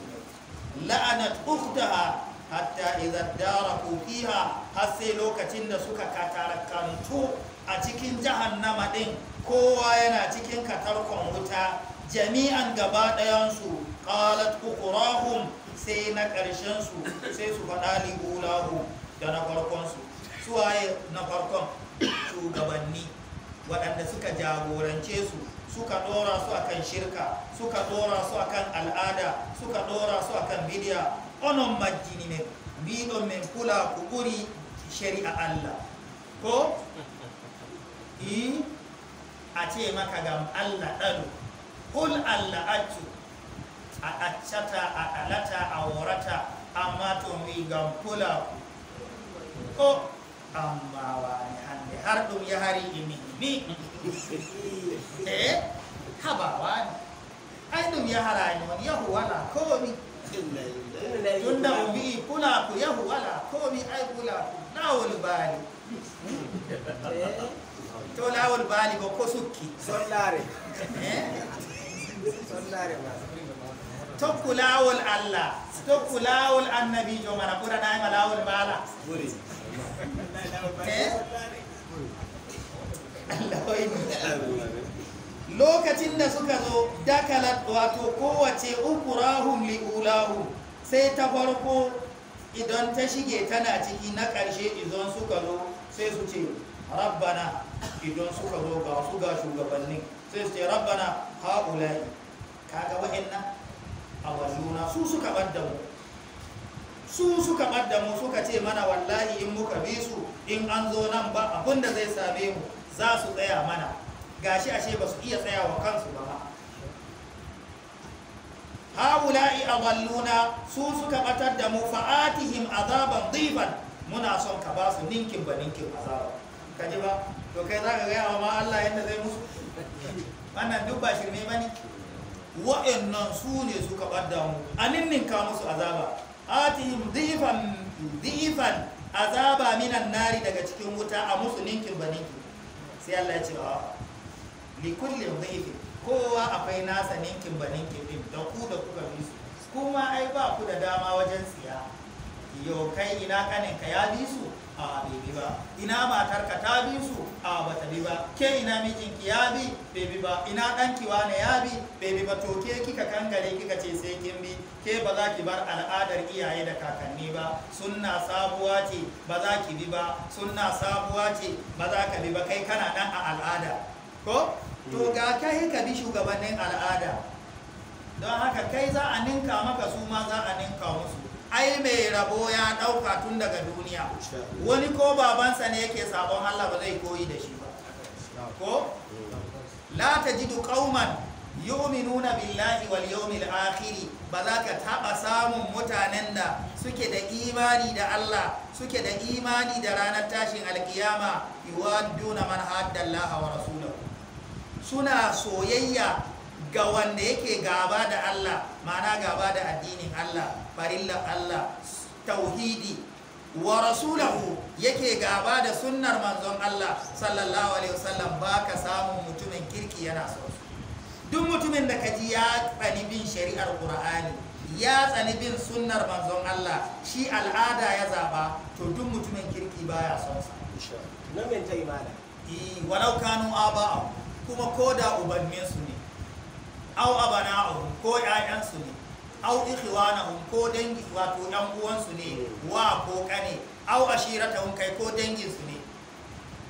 ne la'anat ukhtaha hatta idza daraku fiha har sai lokacin da suka katarakantu a cikin jahannama din kowa yana cikin katarkon wuta jami'an gaba ɗayansu qalat ukurahum sai na ƙarshen su sai su faɗa li'ulahu da na farkon su suwaye na farkon shugabanni waɗanda suka jagorance su suka dora su akan shirka suka dora su akan al'ada suka dora su akan bidiya onon majjini men bido men kula ku ɓuri shari'a allah ko i a ce maka gam allah ɗano kul allah accu a accata a ɗalata a worata amma to mi gam kula ku ko amma wani hande har ɗum yahari ni? eh habawa ne ai dum ya hara ne wani yahu wala komi tunda ubi kula ku yahu wala komi ai kula ku lawul bali eh? to lawol bali ba ko sukki sollare eh? sollare ba to kulawul allah to kulawul annabi jo mana kura na ma lawol bala buri eh Allah lokacin da suka zo dakalat wato kowace ukurahun li'ulahu sai ta farko idan ta shige tana ciki na ƙarshe idan suka zo sai su ce rabbana idan suka zo ga su ga shugabannin sai su ce rabbana ha'ulai kaga a wajuna su suka ɓadda mu su suka ɓadda mu suka ce mana wallahi in muka bi su in an zo nan ba abinda zai same mu za su tsaya mana gashi ashe ba su iya tsayawa kansu ba Ha wula'i a walluna su suka batar da mu fa'atihim azaban zifan muna son ka ba su ninkin ba ninkin azaba ji ba to kai gaya wa ma Allah yadda zai musu wannan duk ba shirme bane wa'annan su ne suka ɓadda mu a ninninka musu azaba atihim zifan zifan azaba minan nari daga cikin wuta a musu ninkin ba ninkin sai Allah ya ce a li kullin kowa akwai nasa ninkin ba ninkin din da ku da kuka bi su kuma ai ba ku da dama wajen siya yau kai ina kanin ka ya bi su a bi bi ba ina matar ka ta bi su a bata bi ba ke ina mijinki ya bi bai bi ba ina dan ɗanki wane ya bi bai bi ba to ke kika kangare kika ce sai kin bi ke ba za ki bar al'adar iyaye da kakanni ba sunna sabuwa ce ba za ki bi ba sunna sabuwa ce ba za ka bi ba kai kana dan a al'ada ko to ga kai ka bi shugabannin al'ada don haka kai za a ninka maka su ma za a ninka musu ai mai rabo ya ɗauka tun daga duniya wani ko babansa ne yake sabon Allah ba zai koyi da shi ba ko la tajidu qauman yu'minuna billahi wal yawmil akhir ba za ka taba samun mutanen da suke da imani da Allah suke da imani da ranar tashin alkiyama yuwadduna man hadda wa rasulahu suna soyayya ga wanda yake gaba da Allah ma'ana gaba da addinin Allah farillar Allah tauhidi wa rasulahu yake gaba da sunnar manzon Allah sallallahu alaihi wasallam baka samun mutumin kirki yana so duk mutumin da kaji ya tsani bin shari'ar Qur'ani ya tsani bin sunnar manzon Allah shi al'ada ya zaba to duk mutumin kirki baya son sa insha Allah nan men tayi eh walau kanu aba'ahum kuma ko da ubanninsu ne au a abana'uhum ko 'ya'yansu ne au ikhwanahum ko dangi wato ɗan uwansu ne wa ko ƙane, au ashiratahum kai ko danginsu ne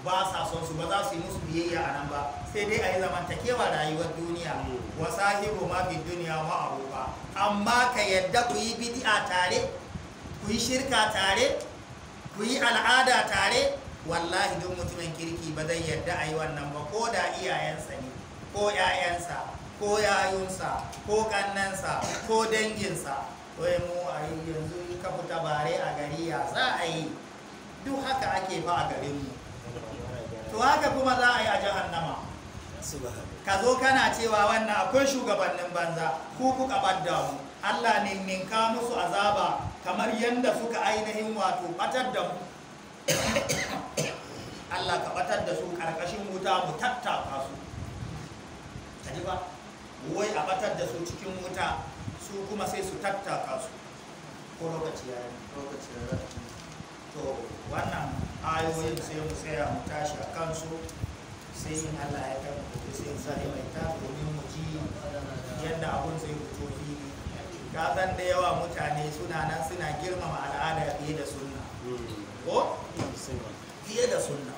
ba sa son su ba za su yi musu biyayya a nan ba sai dai a yi zamantakewa rayuwar duniya wa sahibu ma fi duniya wa abuba amma ka yadda ku yi bidi'a tare ku yi shirka tare ku yi al'ada tare wallahi duk mutumin kirki ba zai yarda a yi wannan ba ko da iyayensa ne ko 'ya'yansa ko yayunsa ko kannansa ko danginsa to mu a yi yanzu ka fita bare a gari ya za a yi duk haka ake fa a garinmu to haka kuma za a yi a jahannama ka zo kana cewa wannan akwai shugabannin banza ku kuka badda mu Allah ne ninka musu azaba kamar yadda suka ainihin wato batar da mu Allah ka batar da su karkashin wuta mu tattafa su kaji ba wai a batar da su cikin wuta su kuma sai su tattaka su ko lokaci ya yi lokaci ya yi to wannan ayoyin sai mu tsaya mu tashi a kansu sai in Allah ya kan mu sai sai mai ta domin mu ji yadda abun zai fito fili ka san da yawa mutane suna nan suna girmama al'ada fiye da sunna hmm. ko fiye da sunna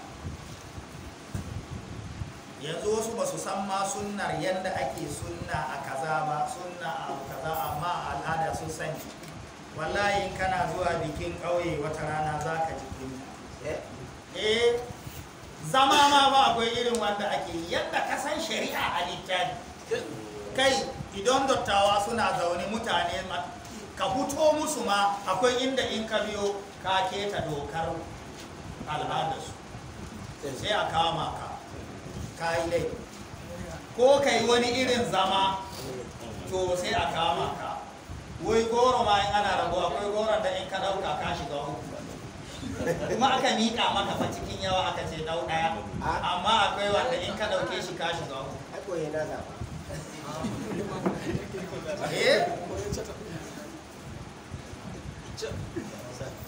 yanzu wasu ba su san ma sunnar yadda ake sunna a kaza ba sunna a kaza amma al'ada sun sani wallahi kana zuwa bikin ƙauye wata rana za ka ji eh? eh zama ma ba akwai irin wanda ake yadda ka san shari'a a littafi kai idan dattawa suna zaune mutane ka huto musu ma akwai inda in ka biyo ka keta dokar al'adarsu sai a kama ka ka yi laifi ko ka yi wani irin zama to sai a kama ka wai goro ma in ana rabo akwai goron da in ka dauka ka shiga hukun kuma aka miƙa maka fa cikin yawa aka ce dau ɗaya amma akwai wanda in ka dauke shi ka shiga hukun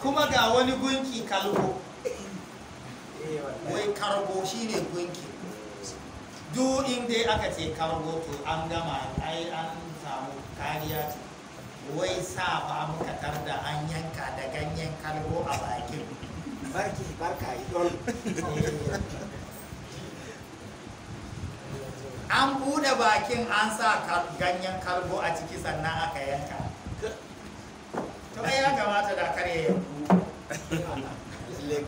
kuma ga wani gunki kalbo wai karbo shine gunki duk inda aka ce karbo to an gama ai an samu kariya ce wai sa ba muka tarda an yanka da ganyen kalbo a bakin barki barka an bude bakin an sa ganyen kalbo a ciki sannan aka yanka to ya kamata da kare ya da Allah eh,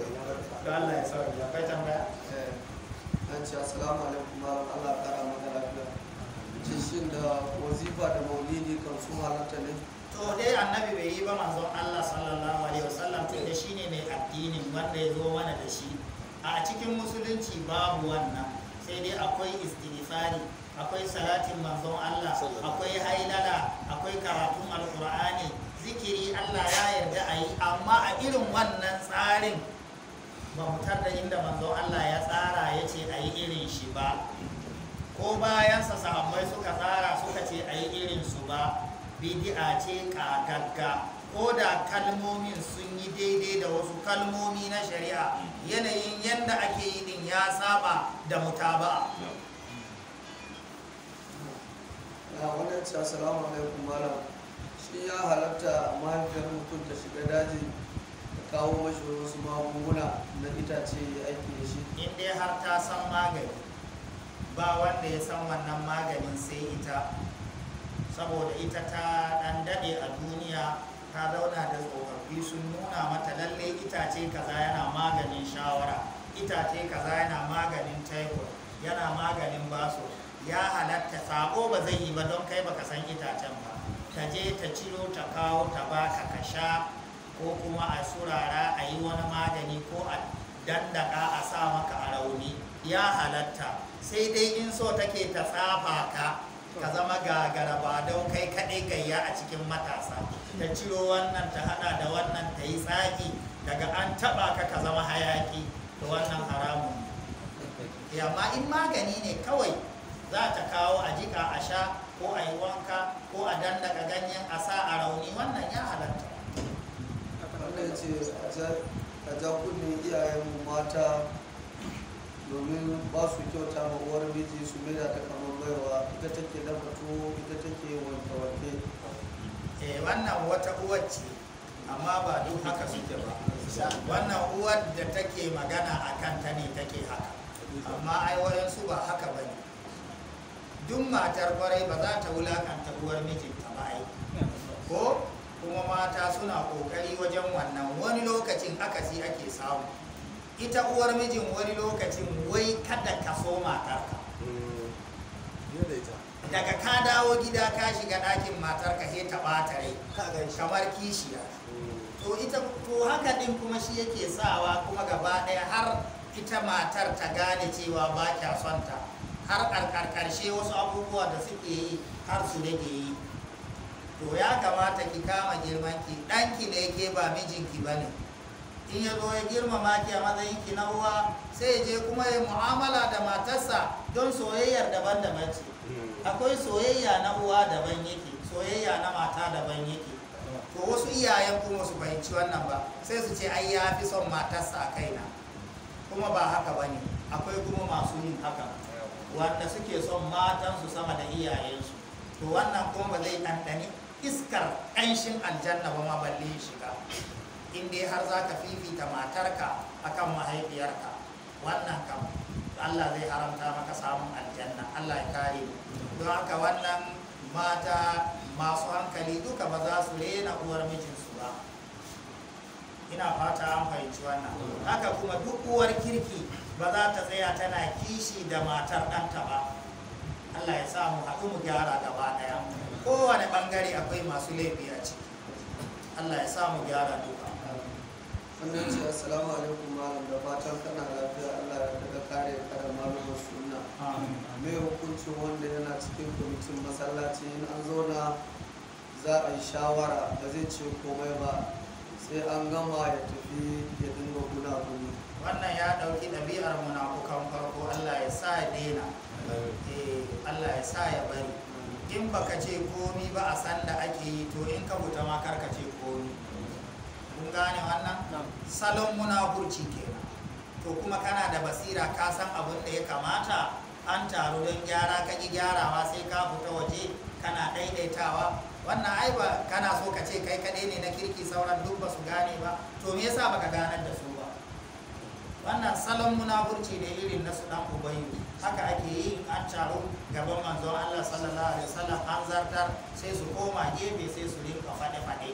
da wazifa da maulidi kan su halatta ne to dai annabi bai yi ba manzon Allah sallallahu alaihi wasallam da shine mai addinin wanda ya zo mana da shi a cikin musulunci babu wannan sai dai akwai istighfari akwai salatin manzon Allah akwai hailala akwai karatun alqur'ani zikiri Allah ya yarda a yi amma a irin wannan tsarin ba mu da inda manzo Allah ya tsara ya ce a yi irin shi ba ko bayansa sahabbai suka tsara suka ce a yi irin su ba bidi'a ce gagga ko da kalmomin sun yi daidai da wasu kalmomi na shari'a yanayin yadda ake yi din ya saba da mutaba a wannan assalamu alaikum malam cikin ya halatta mahaifiyar mutum ta shiga daji ta kawo mashi wasu magunguna na itace ya aiki da shi in dai har ta san magani ba wanda ya san wannan maganin sai ita saboda ita ta dan dade a duniya ta zauna da tsofaffi sun nuna mata lalle itace kaza yana maganin shawara itace kaza yana maganin taiko yana maganin baso ya halatta sako ba zai yi ba don kai baka san itacen ba ta je ta ciro ta kawo ta baka ka sha ko kuma a surara a yi wani magani ko a dandaka a sa maka a rauni ya halatta sai dai in so take ta tsafa ka ka zama gagara ba don kai kaɗai gayya a cikin matasa ta ciro wannan ta hada da wannan ta yi tsaki daga an taba ka ka zama hayaki da wannan haramun Yamma in magani ne kawai za ta kawo a jika a sha ko a yi wanka ko a dandaka ganyen a sa a rauni wannan ya halatta wannan ce a ja kunnen iyayen mata domin ba su kyauta ma uwar miji su mai da ta kamar baiwa ita take da batu ita take wanke-wanke eh wannan wata uwar ce amma ba duk haka suke ba wannan uwar da take magana a kanta ne take haka amma ai su ba haka bane duk matar kwarai ba za ta wulakanta uwar mijinta ba ai ko kuma mata suna kokari wajen wannan wani lokacin akasi ake samu ita uwar mijin wani lokacin wai kada ka so matarka daga ka dawo gida ka shiga ɗakin matarka sai ta ɓata rai kamar kishiya mm. to ita to haka din kuma shi yake sawa kuma gaba ɗaya har ita matar ta gane cewa ba kya son ta har karkarshe wasu abubuwa da suke yi har su da yi to ya kamata ki kama girman ki ɗanki ne ke ba mijinki ba ne in ya zo ya girmama ki a matsayin ki na uwa sai ya je kuma ya mu'amala da matarsa don soyayyar daban-daban ce akwai soyayya na uwa daban yake soyayya na mata daban yake to wasu iyayen kuma su fahimci wannan ba sai su ce ai ya fi son matarsa a kaina kuma ba haka ba ne akwai kuma masu yin haka wanda suke son matansu sama da iyayensu to wannan kuma ba zai ɗanɗani iskar ƙanshin aljanna ba ma balle shiga in dai har za ka fifita matarka akan mahaifiyarka wannan kam Allah zai haramta maka samun aljanna Allah ya kare don haka wannan mata masu hankali duka ba za su rena uwar mijinsu ba ina fata an fahimci wannan haka kuma duk uwar kirki ba za ta tsaya tana kishi da matar ɗanta ba Allah ya sa mu haɗu mu gyara gaba ɗaya kowane ɓangare akwai masu laifi a ciki Allah ya sa mu gyara duka wannan ce assalamu alaikum malam da fatan kana lafiya Allah ya daga kare ka da malamin sunna mai hukuncin wanda yana cikin kwamitin masallaci in an zauna za a yi shawara ba zai ce komai ba sai an gama ya tafi ya dinga guna guni wannan ya ɗauki ɗabi'ar munafukan farko Allah ya sa ya dena eh, Allah ya sa ya bari in baka ce komi ba a san ake yi to in ka fita ma karka ce komi kun gane wannan salon munafurci kenan to kuma kana da basira ka san abin da ya kamata an taru don gyara ka ki gyarawa sai ka fita waje kana daidaitawa wannan ai ba kana so ka ce kai kaɗai ne na kirki sauran duk ba su gane ba to me yasa baka ganar da su wannan salon munafurci ne irin na sunan ubayu haka ake yi an caro gaban manzon Allah sallallahu alaihi wasallam an zartar sai su koma gefe sai su rinka fade fade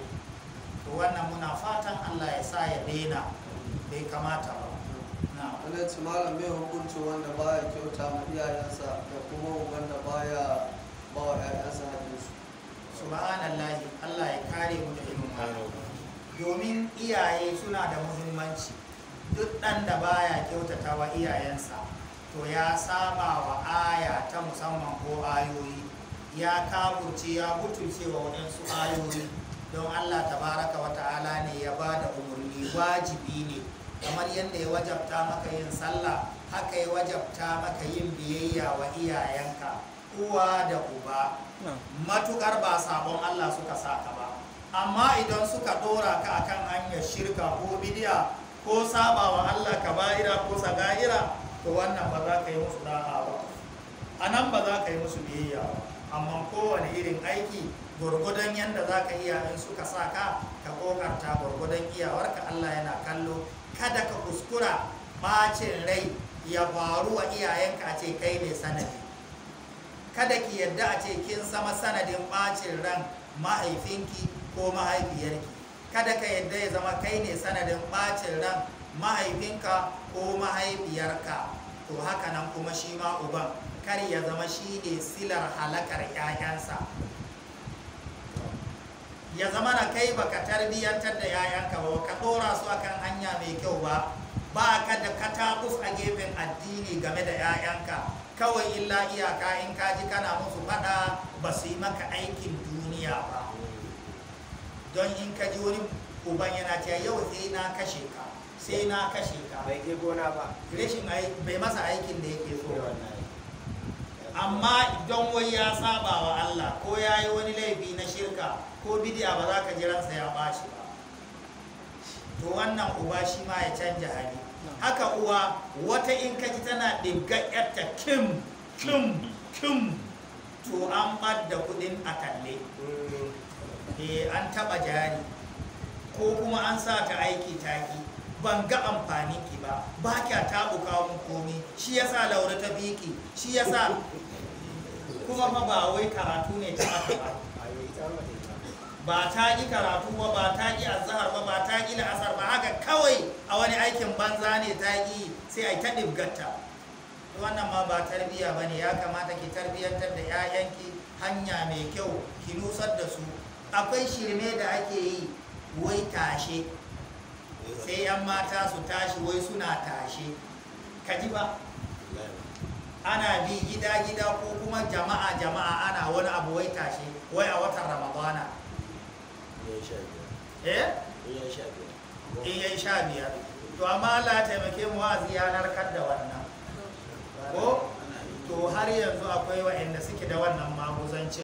to wannan muna fatan Allah ya sa ya daina bai kamata ba na wani malam mai hukunci wanda baya kyauta ma iyayensa da kuma wanda baya ba wa iyayensa hadisi subhanallahi Allah ya kare mu da ilimin domin iyaye suna da muhimmanci duk ɗan da baya kyautata wa iyayensa to ya saba wa aya ta musamman ko ayoyi ya kafurce ya butulce wa waɗansu ayoyi don allah tabaraka wa ta'ala ne ya ba da umarni wajibi ne kamar yadda ya wajabta maka yin sallah haka ya wajabta maka yin biyayya wa iyayenka uwa da uba matukar ba sabon allah suka saka ba amma idan suka dora ka akan hanyar shirka ko bidiya ko saba wa Allah ka kaba'ira ko saga'ira to wannan ba za ka yi musu da'a ba a nan ba za ka yi musu biyayya ba amma kowane irin aiki gwargwadon yadda za ka iya in suka sa ka ka kokarta gwargwadon iyawarka Allah yana kallo kada ka kuskura bacin rai ya faru wa iyayenka a ce kai ne sanadi kada ki yadda a ce kin sama sanadin bacin ran mahaifinki ko mahaifiyarki kada ka yadda ya zama kai ne sanadin ɓacin ran mahaifinka ko mahaifiyarka to haka nan kuma shi ma uban kar ya zama shi ne silar halakar 'ya'yansa ya zama na kai baka tarbiyyantar da 'ya'yanka ba ka ɗora su akan hanya mai kyau ba ba ka da katakus a gefen addini game da 'ya'yanka kawai illa iyaka in ka ji kana musu faɗa ba su yi maka aikin duniya ba don in ka ji wani uban yana cewa yau sai na kashe ka sai na kashe ka bai ke gona ba rashin bai masa aikin da yake so amma don wai ya saba wa Allah ko ya yi wani laifi na shirka ko bidiya ba za ka ji ransa ya bashi ba to wannan uba shi ma ya canja hali haka uwa wata in ka ji tana ɗibga yarta kim kim kim to an da kuɗin a talle mm. eh an taba jari ko kuma an sa ta aiki taki ban ga amfanin ki ba ba kya taɓuka mun komi shi yasa laura ta biki shi yasa kuma fa ba wai karatu ne ta aka ba ba ta ki karatu ba ba ta ƙi azhar ba ba ta ki la'asar ba haka kawai a wani aikin banza ne ta sai a ta dibgata wannan ma ba tarbiyya bane ya kamata ki tarbiyyantar da 'ya'yanki hanya mai kyau ki nusar da su akwai shirme da ake yi wai tashe sai yan mata su tashi wai suna tashe ka ji ba ana bi gida-gida ko kuma jama'a-jama'a ana wani abu wai tashe wai a watan ramadana eh? in sha biyar to amma Allah taimake mu a ziyarar da wannan ko to har yanzu akwai wa'anda suke da wannan maguzancin